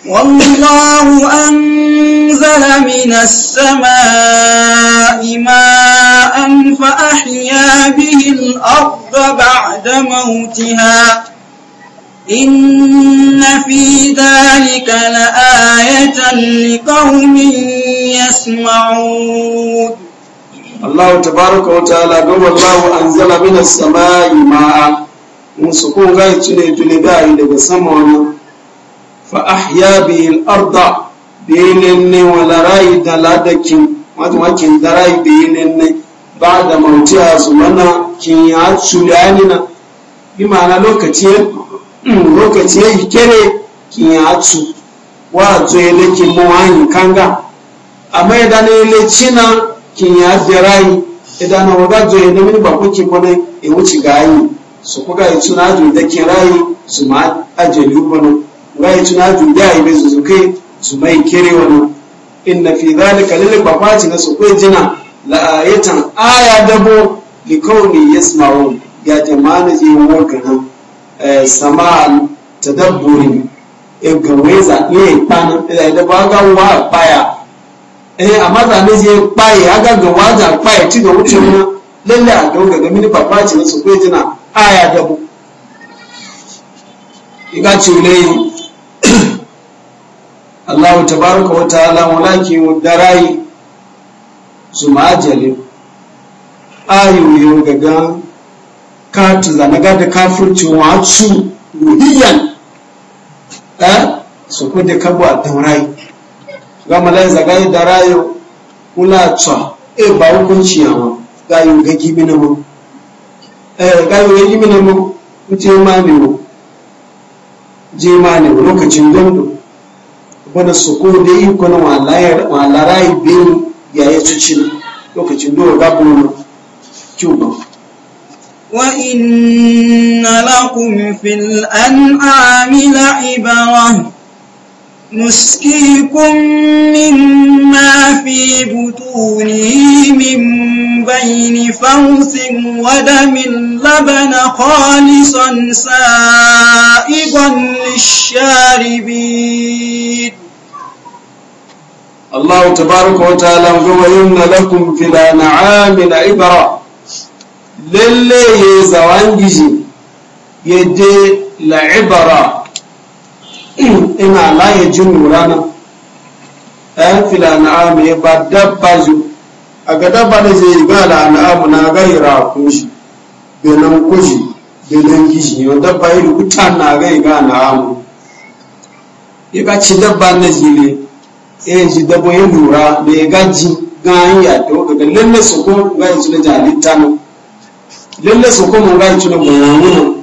والله أنزل من السماء ماء فأحيا به الأرض بعد موتها إن في ذلك لآية لقوم يسمعون الله تبارك وتعالى قال الله أنزل من السماء ماء ونسكون غاية تلي تلي باي لقسمونا فأحيا به الأرض بينني ولا راي دلادكين wakin darai da yinin ne ba da mautiya su mana kin ya tsulanina bi ma'ana lokaci Mm, lokaci ya yi kere ki ya atu wa to ele ki mo anyi kanga amma idan ele china ki ya zerai idan wa ga to ele mini ba ki kone e ga gayi su kuka yi na aju da rayi su ma ajali wani ga yi na aju da yi su zuke su mai kere wani inna fi zalika lil babati na su kai jina la aya dabo li kauni yasma'un ya jama'a ne yi wa kana Eh, sama tadabburi egawe eh, za ne eh, pan da ba ga wa paya eh amma da ne je paya aga ga wa da paya ti da wuce mu lalle a ga ga mini papa ci su ko jina aya da bu iga ci ne Allah tabaraka wa ta'ala walakin darai su majali ayu ga gaga Ka da naga da kafirci wa su ruhiyan eh su ko da kabo a taurai ga malai zagai da rayo kula tsa e ba hukunci yawa ga ga gibi mu eh ga yin ga gibi na mu mutum ma ne mu je ma ne mu. lokacin dondo wani su ko da iko na walarai biyu yayin su ci lokacin dole gabu na kyau وإن لكم في الأنعام لعبرة نسقيكم مما في بطونه من بين فوث ودم لبن خالصا سائغا للشاربين الله تبارك وتعالى وإن لكم في الأنعام لعبرة lalle ya yi zawangiji ya je la'ibara ina la ya ji nura nan ɗayan eh, fila na amu ya ba dabba ju a ga dabba da zai yi gala na amu na gaira kunshi benin kunshi benin gishi yau dabba yi rubuta na gai gana amu ya ga ci dabba na jile ya yi ji dabba ya lura da ya gaji ganyen ya ta wakaga lalle su ko gaya su na jalita nan lalle su kuma ga ci na goyawo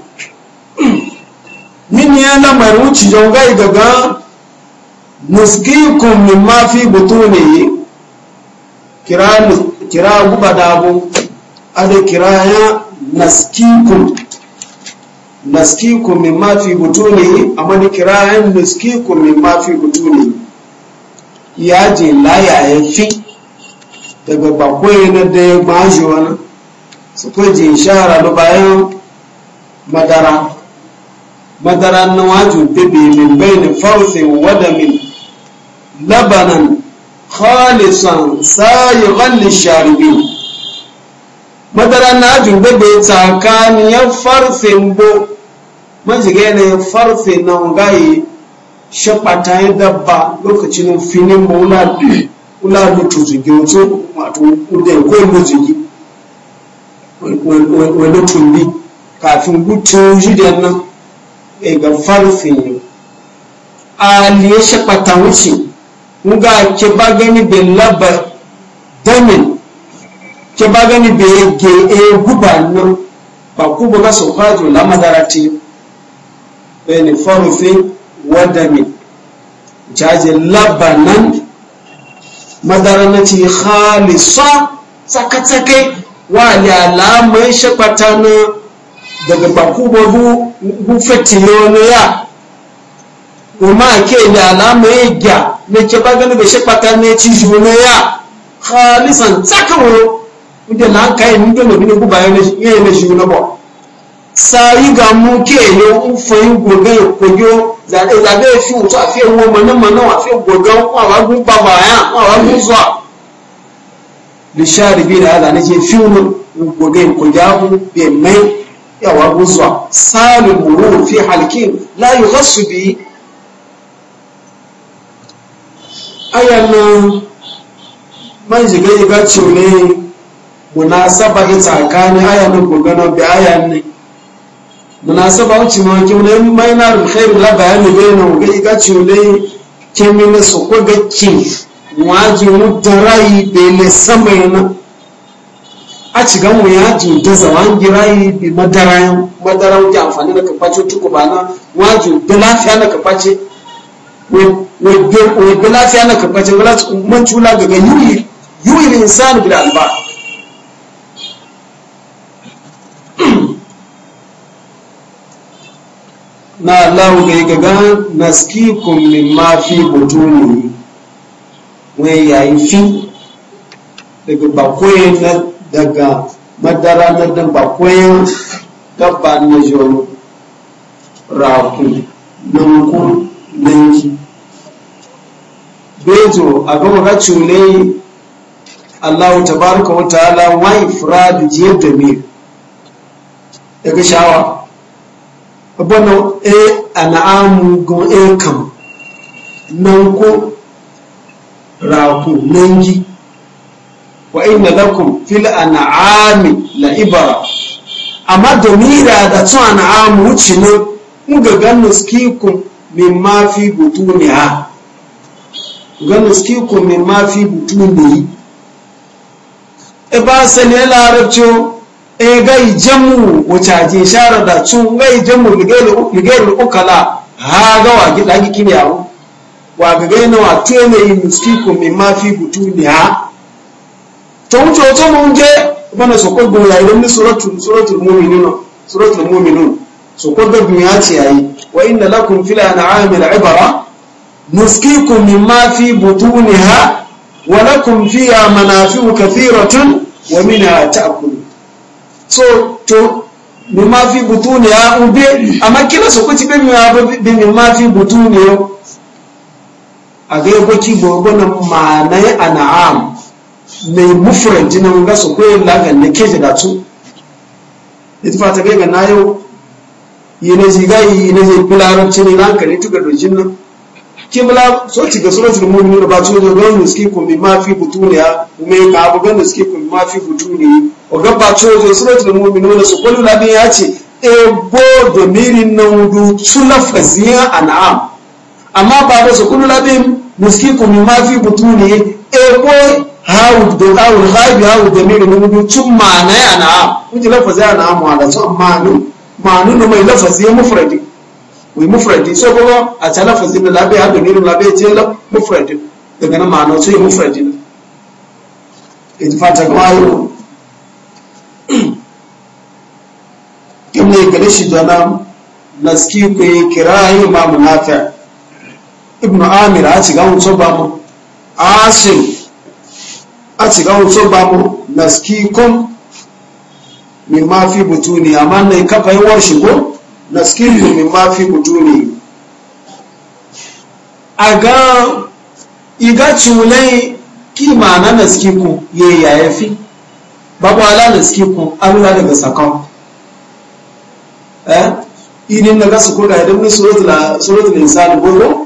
min ya na mai wuci jau ga gaga nuskikum ma fi butunihi kira kira guba abu ada kira ya naskikum naskikum ma fi butunihi amma ni kira ya naskikum ma fi butunihi ya je la ya fi daga bakwai na da ya gbaji wani su kwaji shara da bayan madara madara na wajin bebe min bayanin farsin wadamin labanan khalisan sayiran sharibi madara na wajin bebe tsakaniyar farsin bo majiga ne farsin na gaye shafata ya dabba lokacin finin ba wula lutu zigi wato kudin ko lutu zigi wani tumbi kafin gutun jidan nan eh, ga farfin aliye shakpata wuce nga ke ba gani be laba damin ke ba gani be ge e guba nan ba ku ba su kwajo la madarati bene farfi wa damin jaje laba nan madara na madaranati khalisa tsakatsake wale alaman shakwata na daga bakuba gufeti yana ya kuma ke da alaman ya na ke bagani da shakwata na ci juna ya halisan tsakaro inda na an kayan nige na bini guba yana na juna ba sayi ga mu ke yi ufayin gogaye kogiyo zage fi wuto a fiye wo mana mana wa fiye gogan kwa wagun babayan kwa wagun zuwa lisharibi da hada nake fiwun gobe ko yahu be mai yawa guzwa salul murur fi halkin layu yughassu bi ayan man jiga iga cule munasaba ita kani ayan ko gugana bi ayan ne munasaba uci ma ke ne mai na khair la bayani bayna ga iga cule kemin su ko ga kin waji mutarai bele sama yana a ciga mu ji da zawan girayi bi madara madara ke amfani da kafaci tuku ba na waji da lafiya na kafaci wadda lafiya na kafaci wala man cula daga yuri yuri insani da alba na Allah ga gaga naskikum mimma fi butuni wai yayi fi daga bakwai na daga madara na dan bakwai gaba na joro raku nanku nanki beto abin ga cune allahu tabaraka wa ta'ala wa ifrad je da mir daga shawa abana e eh, an'amu gon e eh, kam nanku rakun nanji wa inna lakum fil an'ami la ibara amma damira da tun an'amu wuce ne muga gannu skikun min ma fi butuni ha gannu skikun min ma fi butuni e ba sene larabci e ga ijamu wuce ajiye shara da tun ga ijamu ligelu ukala ha ga wa gida gikin abu wagagena watwene imusiku mimafi butuniha tawuce wato mun je bana so ko goya idan ni suratul suratul mu'minun suratul mu'minun so ko da duniya ce yi. wa inna lakum fil an'ami al'ibra nuskikum ma fi butuniha wa lakum fiha manafi'u kathiratun wa minha ta'kulun so to ma fi butuniha ube amma kila so ko ti be mimma fi butuniha a ga yabo gwagwana gogo na manai an'am mai mufuran jinan ga su koyin lagan na keje da su ita ta ga na yau yi ne ziga yi na zai filaran cini na hankali tuka da jinnan kibla so ci ga suratul mu'minun ba ci ga gonu suke ko mi ma fi butuniya me ka abu gonu suke ko mi ma fi butuni o ga ba ci ga suratul mu'minun su kullu labin ya ce e bo da mirin nan du sulafaziya an'am amma ba da sukun labin musiku mi ma fi butuni e ko hawud do hawud ghaibi hawu da miri mun du tun na ya na ji lafazi ya na mu ala so ma nu no mai lafazi ya mufradi wi mufradi so ko a ta lafazi da labe ha da miri labe ce la mufradi daga na ma'ana so ya mufradi in fata kwayo ne gare shi da na naski ku kirai ma munafiq ibn amir a shiga wuto ba mu asim a shiga wuto ba mu naskikum mimma mafi butuni amma yi kafa yi war shigo naskikum mimma fi butuni a ga iga culai kima na naskikum ya yaya fi babu ala naskikum amina daga sakon eh idin daga su kuka idan ni suratul suratul insan gogo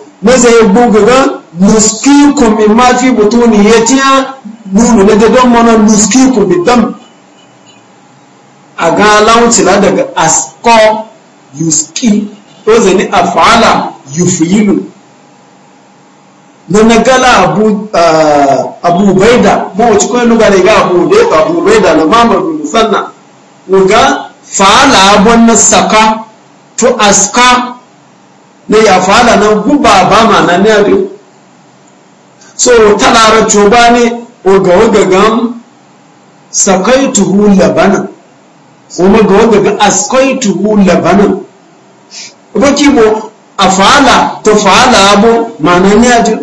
maza ya bugaga nuskikum min ma fi butuni yatiya nunu na dadon mana nuskikum bidam a ga launcila daga asko yuski to zani afala yufilu na nagala abu abu baida ba wace kuma nuga da ga abu da ya abu baida na mamar bin musanna ga fa'ala abun na saka to aska ne ya fada nan guba ba ma na ne abi so talara coba ne oga oga gam sakaituhu labana kuma ga oga ga askaituhu labana ki bo afala to fala abu ma na ne abi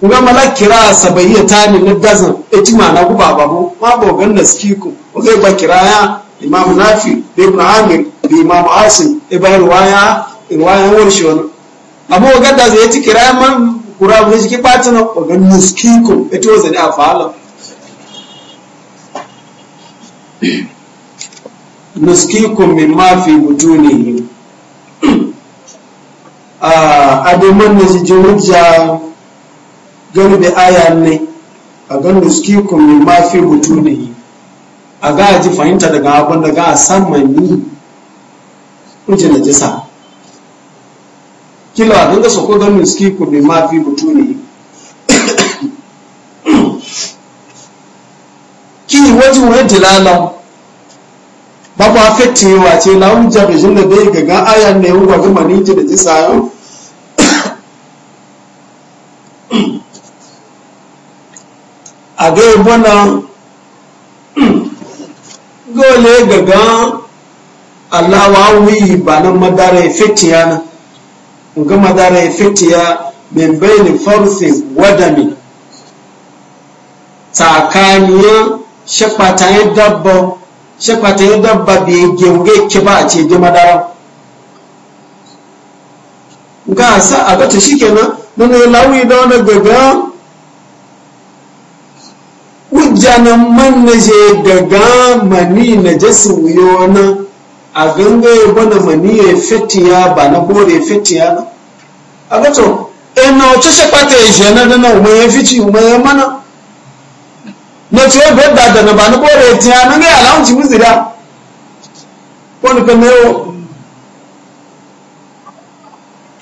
kuma malakira kira sabayya ta ne na dazan eti ma na guba ba bo ma bo ganda skiku oga ba kiraya imam nafi da ibn amir da imam asim ibrahim e waya wayan warshe wani abu wa gada zai ci kira man kura bu shi kwata na ga nuskiko ito ne a falon. nuskiko min mafi butuni a adaman na jijin wujja gani da aya ne a ga nuskiko min mafi yi a ga ji fahimta daga abin da ga a san mai ni ujina jisa kila ganga soko don miski ku ne ma fi butuni ki waji wani dilala ba ku ce na wani da jin da dai gaga aya ne wa ga mani ji da ji sayo a ga bana gole gaga allawa wuyi ba nan madara ya fetti yana ga madara effectiya min bainin farfin wadami tsakaniyar shakwatayen dabba shakwatayen dabba bai gemge ki ba a ce ge madara ga sa a gata shi kenan nuna yi lawi da wani gaga man na je daga mani na a ganga ya bana mani ya fetiya ba na kore fetiya na a ga ina eh, wace shi kwata ya shi yana dana umar ya fici umar ya mana na ce yau oh, da da na ba na kore tiya na gaya alawun ci muzira wani kan yau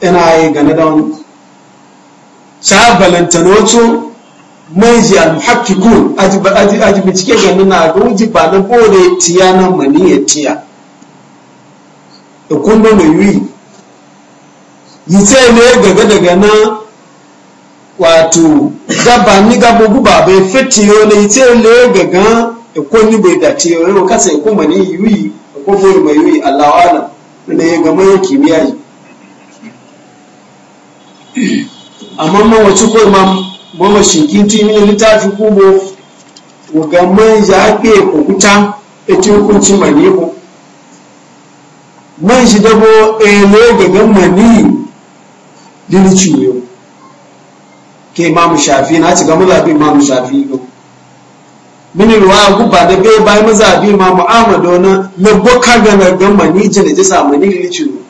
ina yi gane da wani sabalanta na wato mai ji alhakiku aji bincike ganin na ga wuji ba na kore tiya na mani ya tiya ikunda mai wi yi ce ne gaga daga na wato dabba ni gabo guba bai fiti yau na yi ce ne gaga ikon ni bai dace yau yau kasa ikon mani yi wi ikon bai mai wi allawa na da ya gama ya kimiyya yi amma mawaci ko imam mama shinkin tun yi littafi kubo ga man ya ke kukuta ita hukuncin mani ko man shi dabo ele eh, gagan mani dini ciwo ke imamu shafi na ci gama zaɓi imamu shafi ko mini ruwa gubba da bai bayan mazaɓi imamu amado na na boka gana gan mani jini jisa mani dini ciwo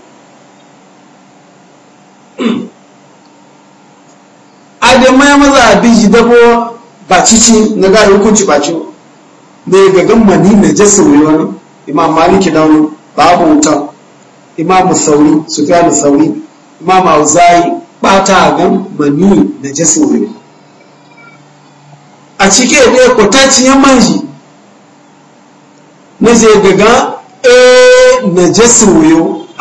adamai mazaɓi shi dabo ba cici na gari hukunci ba ciwo ne gagan mani na jasa wani imam maliki dawo babu wutan imamu sauri sufyan sauri imamu auza'i bata gan mani na jasuri a cike ne ko ta ci manji ne zai gaga e na eh, jasuri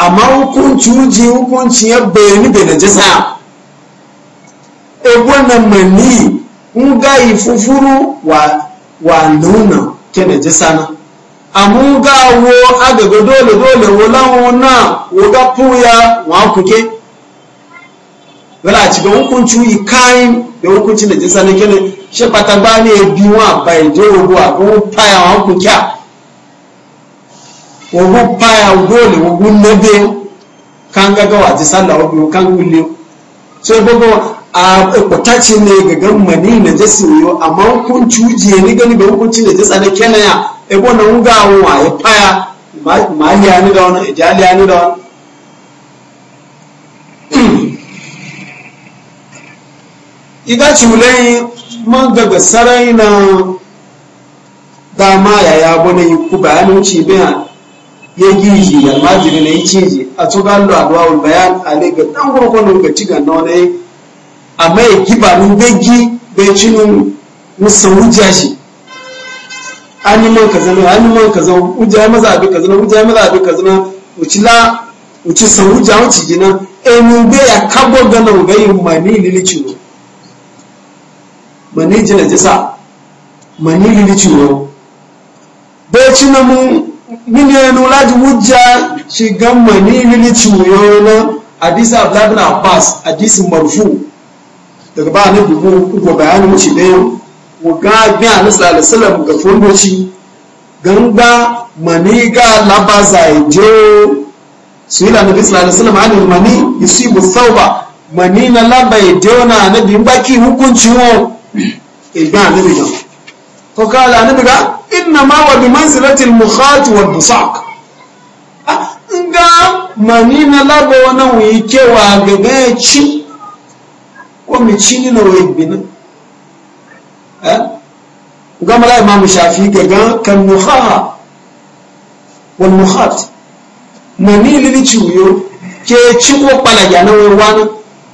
amma hukunci uji hukunci ya bayani bai na jasa E na mani nga fufuru wa wa nuna ke na jasa na amuga wo agaga dole dole wo lawon na wo ga puya wa kuke wala ci ga hukunci yi kain da hukunci na jinsa ne kene she patagba ne bi wa bai je wo paya wa kuke paya dole wo kan ga wa ji sallah wo kan gulle so gogo a kwata ce ne na jasi hukunci gani hukunci ebo na nga wa ya paya ma ya ni da wani ijali ya ni da wani iga ciwulai man gaga sarai na da dama ya ya bane ku bayanin ci biya ya giji ya majiri na yi ciji a tuga lo adwa bayan ale ga dan gurgun ga tiga na wani amma ya giba nun begi bai cinu musan wujashi an yi man kaza na an yi man kaza wuja maza abi kaza na wuja maza abi kaza na wuci la wuci san wuja wuci gina emi be ya kabo gana ugayi mani lilici wo mani jina jisa mani lilici wo be ci na mu mini yanu laji wuja shi gan mani lilici wo yana hadisi abdullahi bin abbas hadisi marfu daga ba ne bugu ko bayani mu shi wuga biya na salisalam ga furgoci ganga mani ga laba ya je su yi lanabi salisalam anil mani yusibu sauba mani na laba ya je wani anabi baki hukunci wo ilga e anabi ga ko kala anabi ga inna ma wa bi manzilatil mukhat wa busak nga mani na laba wani wuyi kewa ga ga ci ko mi ci ni na wuyi binan Eh? gama la imamu shafi gaga kan nuhaha wal nuhat mani lili ciwo ke ci ko kpalage na wai wani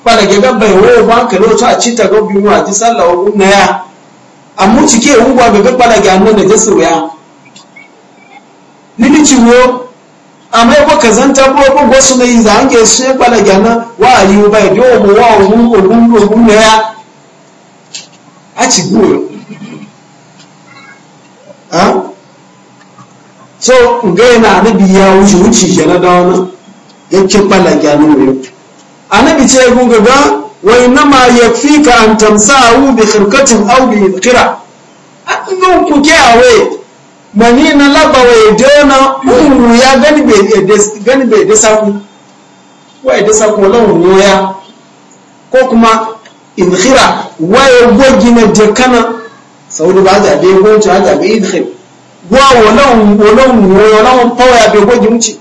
kpalage ga bai wo ba ka lo ta ci ta ga biyu a ji sallah wa na ya amu ci ke ungwa ga kpalage nan da jasu ya lili ciwo amma ko kazanta ko ko gosu ne za an ke su kpalage na wa ayi ba do mu wa ogun ogun ogun na ya achi guyo ha so nga yana anabi ya wuce wuce kenan da wani yake kwala gyanu yau anabi ce guga ga wa innama yakfika an tamsahu bi khirqatin aw kira qira ngun ku ke a awe mani na laba wa dona uru ya gani be dasa ku da saku wa e da saku lawo ya ko kuma In idkhira waye gogina de kana saudi ba za be gonci ha be idkhir wa walau walau walau pawa be mu ci?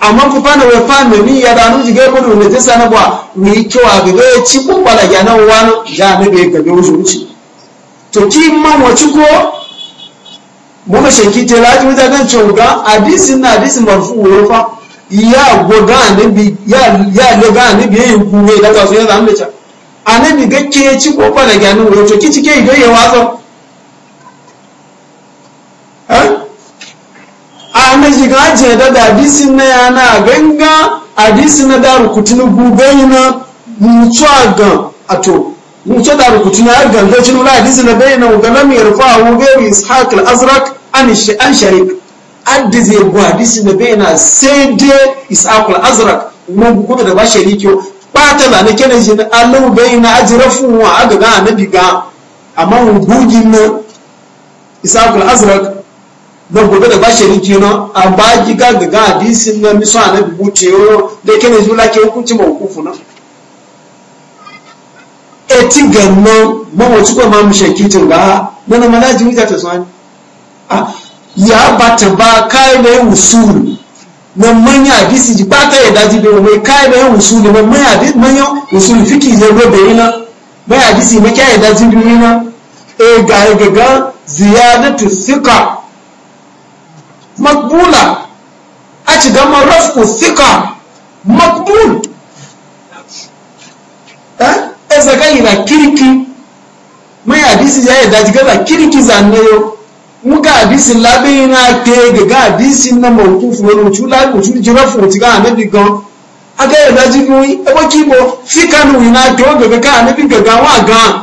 amma ku fana wa fana ni ya danu jige bodu ne tsa na ba ni kiwa ga ga ci ku bala ya nan wani ja ne be ga mu ci. to ki man waci ko mu ba sheki te laji mu ga? Adisin na adisin marfu wa fa ya goga anabi ya loga anabi yin kuwe daga ya zama mace anabi ga ke ci ko fara gyanu wuyo to kici ke idan ya wazo a na shiga ajiye da da hadisin na yana ganga hadisin na daru kutinu na mutu a gan a to mutu daru kutinu a ganga cinu na hadisin na bayyana ga lam yarfa'u gairu ishaq al-azraq an sharik adda zai gwa hadisi na bayyana sai dai isakul azrak mun kuma da ba ta bata da nake ne jin allahu bayyana ajrafu wa aga ga na ga amma mun gugin ne isakul azrak na gobe da ba sharikyo na an ba ki ga ga hadisin na miso annabi buce yo da kene jula ke hukunci hukufu na eti gannan mawaci ko ma mu shakitin ga nan malaji mita ta sani ah, ya bata ba kai na yin usulu na manya hadisi ji bata ya daji bai mai kai na yin usulu na manya hadisi manya usulu fiki ne robe yana mai hadisi maka ya daji bai yana e ga e ga ga ziyadatu thika makbula a ci ga marafu thika makbul eh ezaka ina kirki mai hadisi ya daji muka hadisin labe yana ke gaga hadisin na mawkufu wani mutu labe mutu jira furuti ga anabi gan aga yana ji nuyi ebo kibo fi kanu yana ke o gaga ka anabi gaga wa gan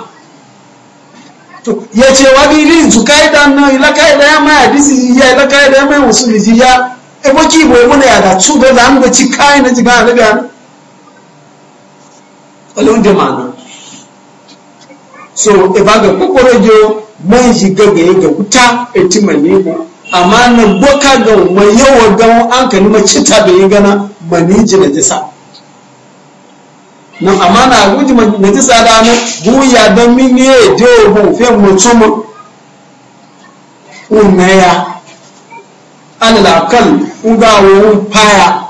to ya ce wa bi ri zu kai dan na ila kai da ya ma hadisi ya ila kai da ma usuli ji ya ebo kibo ebo na ya da tu ga zan ga ci kai na ji anabi an olon de mana so e ba ga kokoro jo man shiga ga ga wuta mani ba amma nan boka ga mai yawa ga an kani cita da yi gana mani ji na jisa nan amma na guji na jisa da nan guya don min ye je fiye mutu mu. unaya alilakal nga wo paya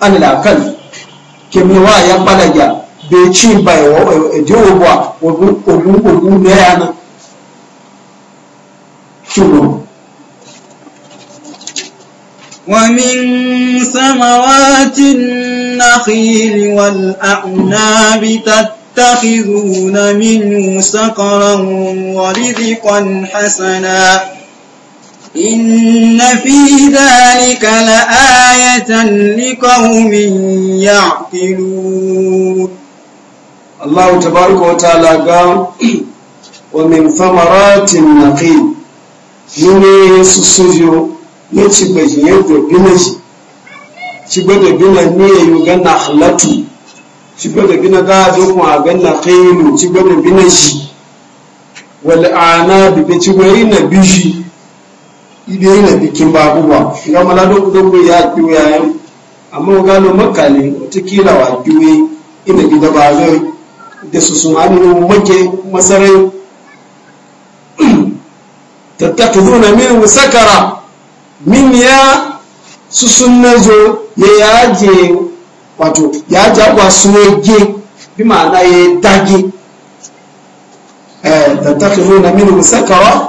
alilakal kemi wa ya palaja be chi bai wo e eh, eh, je wo bwa wo bu ogun ogun ne yana شكرا ومن ثمرات النخيل والأعناب تتخذون منه سقرا ورزقا حسنا إن في ذلك لآية لقوم يعقلون الله تبارك وتعالى قال ومن ثمرات النخيل yíwé susu yio ní tìgbà yìnyẹ dọ̀bínà yìí tìgbà dọ̀bínà ní èyí gánà àlátù tìgbà dọ̀bínà dáadé kún àgánà kéèlù tìgbà dọ̀bínà yìí wàlẹ̀ àná bìbẹ̀ tìgbà yìí nà bí yìí ibi yìí nà bí kín bá búwa nga mọ́lá dọ́gbọ́dọ́gbọ́ yà gbéwé ayé àmọ́ wọ́n gánà mọ́kàlẹ̀ wọ́tíkìlà wà gbéwé ìnà gbégbá bá lọ́yìn dẹ̀ sùsùn àdúró mọ́kẹ́ masarai tattakhuduna min sakara min ya susunna ya yaje wato ya jagwa suwege bi ma'ana ya dage eh tattakhuduna min sakara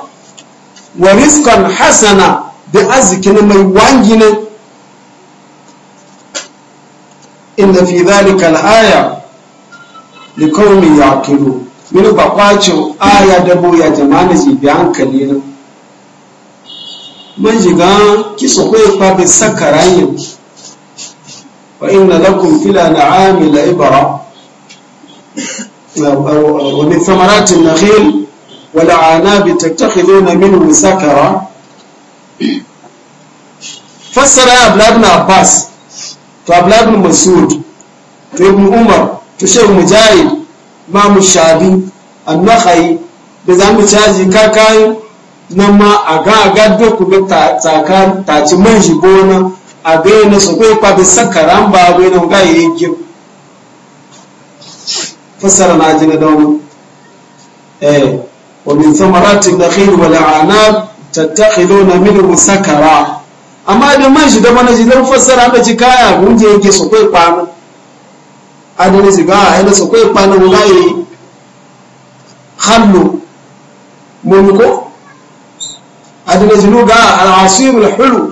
wa rizqan hasana bi azkin mai wangina inna fi dhalika al-aya liqaumin yaqilun min ba kwacin aya dabo ya jama'a ji bi hankali na man jiga kisa kwaye kwabe sakara yin wa inna lakum fila na'ami la ibara wa min thamaratin nakhil wa la'anabi tattakhiduna minhu sakara fassara ya abdullahi abbas to abdullahi masud to ibn umar to shehu mujahid mamu shabi an-nakhai da zamu caji kakayi na ma a ga a ga duk kuma ta ci man shi bona a ga yana su kai kwabi sakaran ba ga yana ga yi gim fasara na ji na dawo eh wa min samaratin nakhil wal anab tattakhiduna minhu sakara amma da man shi da mana shi dan fasara da ci kaya gunje yake su kai kwana adana shi ga yana su kai kwana ga yi hallu mun ko adina jinu ga al'asirul hulu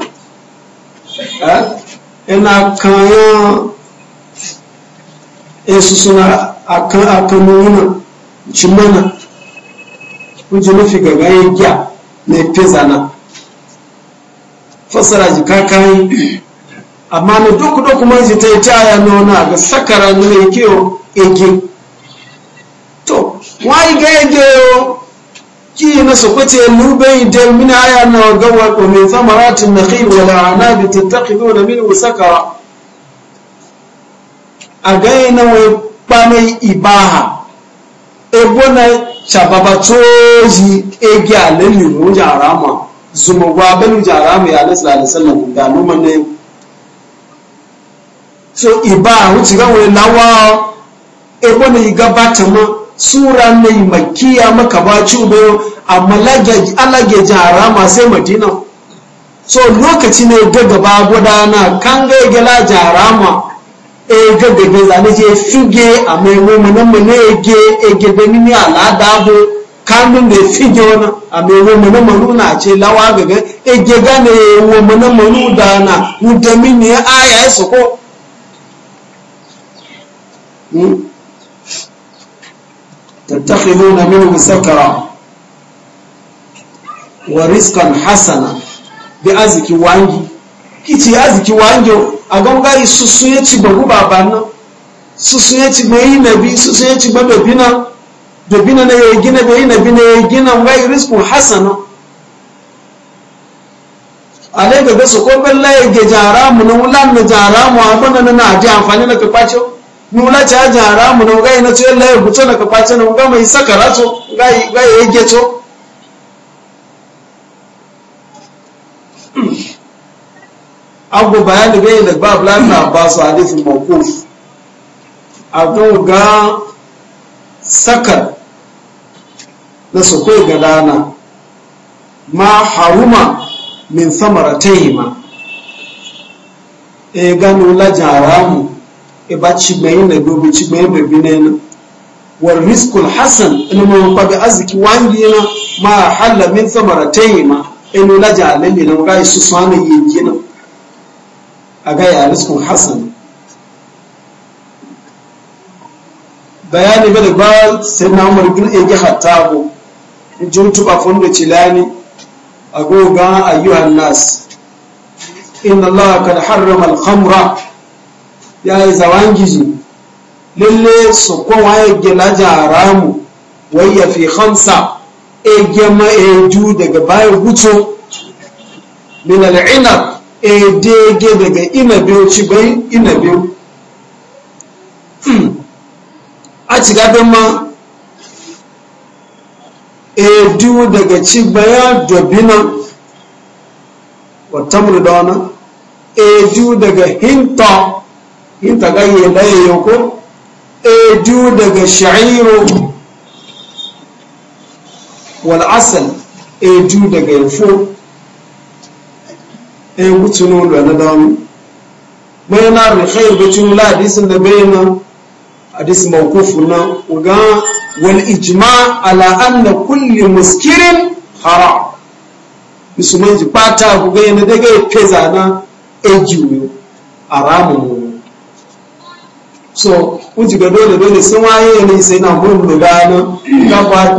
ina kayan esu suna akan akan nuna cimana kuji nufi na pizza fasara jika kayan amma na duk duk man ji ta yi taya nuna ga sakara nuna ya kiyo ege to wa ga ege yo ki na su kwace lubai da min aya na gawa ko min samaratin nakhil wala anabi tattakhiduna min sakara agai na wai kpame ibaha ebo na chababatoji egi aleli mu jarama zuma wa bani jarama ya alaihi sallallahu alaihi wasallam da numa so ibaha wuci ga wai lawa ebo na igabata sura ne makiya maka ba cubo amma alage jarama sai madina so lokaci ne gagaba gudana kan gaigala jarama e gaggabe zane je fige a mai mummunan mu ne ege ege beni ni alada bo kanun da fige wani a mai mummunan mu nuna ce lawa gaga ege gane mummunan mu nuna na udami ne aya ya soko hmm? تتخذون منه سكرا ورزقا حسنا بأزكي وانجي kici aziki wanjo a gangayi susu ya ci babu babanan susu ya ci mai nabi susu ya ci babu bina da bina na ya gina bai nabi na ya gina wai rizkun hasana alai ga ko bella ya ge jara mu na wulan na jara mu na na ji amfani na kafacin Nuna ca jara mu na gai na ciyar layar hutu na kafaci na ga mai saka to ga ya geto abu bayan da bayan da ba blan na ba su hadisin mawkuf a ga sakar da su kai ga dana ma haruma min ma e gano la jaramu ba cigbayin na gobe cigbayin mai bi na yana war rizkul hasan ilimin kwabi arziki wangi yana ma halla min samara ta yi ma inu laja alalli na wuga isu sanin yin gina a gaya riskul hasan bayani bada ba sai na umar bin ege hatta bu jin tuba fondo cilani agoga ayyuhan nas inna allaha kad harrama al-khamra ya yi gizi lille su kowa ya gina jaramu wai ya fi hamsa e gema e ju daga bayan hutu min al'inab e dege daga inabe ci bayan inabe hmm. a ci gaban ma e du daga ci bayan dobina wata murdana e daga hinton in ta gaye maye yako eju eh, daga sha'iru wal asal eju eh, daga yafo e wuce da na damu mai na rikhai bacin la hadisin da bayyana ba mawkufu na uga wal ijma ala anna kulli muskirin hara. musulman ji pata ku ga yana daga peza na ejiwo aramu so wuce ga dole dole sun waye ne sai na gurin da gano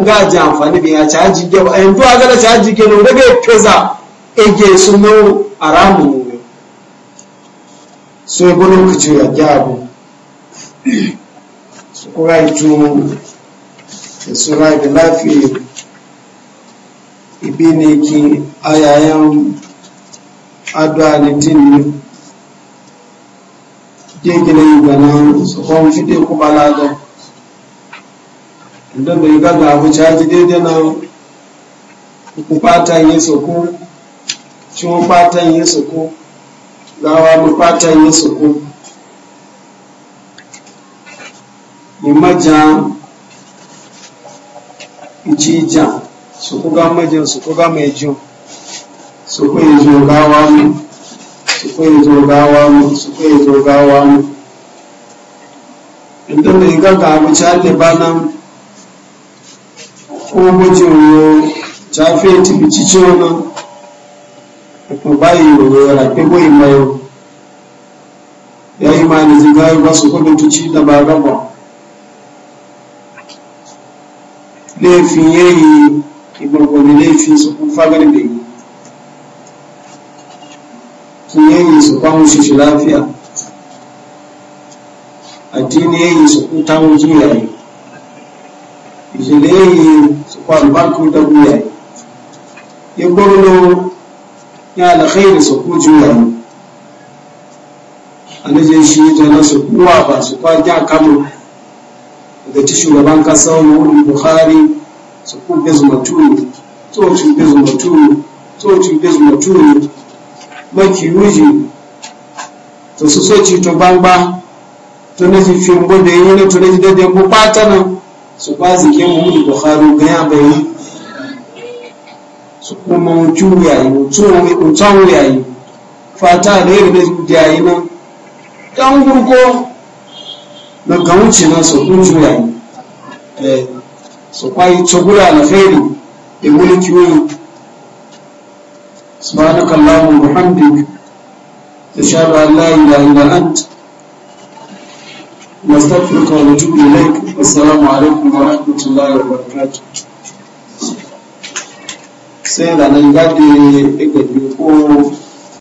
ga ji amfani da ya caji da a yanzu a gada caji ke nan daga feza ege su nau a so ya gurin ku ya gyabu su kura yi ju da su rai da lafiya ibi ne ki a yayan adwa ne din kekele ganin tsohon shi ɗin kuma ladon inda bai gaga abu caji daidai na ku fatan yi soko ciwo fatan yi soko gawa mu fatan yi soko imaja ja su kuga majin su kuga mai jin su kuwa yi gawa mu sukwai zo gawa mu inda mai gaga mu cale banan ko gujin yo jafe tibi cice wani ko bayi yo rafe goyi mayo ya yi ma da zigayi ba su kudin tuci da ba gaba laifin yayi igbogbo laifin su kun fagari da yi kiyayi su kwamu shi shi lafiya addini yayi su kuta mu kiyaye ìṣẹ̀lẹ̀ yìí su kwa da ya gbọ́rọ̀ ya alkhairu su ku juyaye alajin shi jana su kuwa ba su kwa daga ci shugaban kasa wani buhari su bezu tsohon bezu tsohon bezu maki wuji to su soci to gbangba to na ji fi mbo da yi na to na ji dade mbo pata na su ba su ke mu mudu buhari bai su kuma wuju yayi wutan yayi fata da yi da yayi na dan gurgo na gawuci na su wuju yayi su kwayi tsogura alkhairi da mulki wuyi سبحانك اللهم وبحمدك أشهد أن لا إله إلا أنت نستغفرك ونتوب إليك والسلام عليكم ورحمة الله وبركاته sai da nan gaɗe ɗaga biyu ko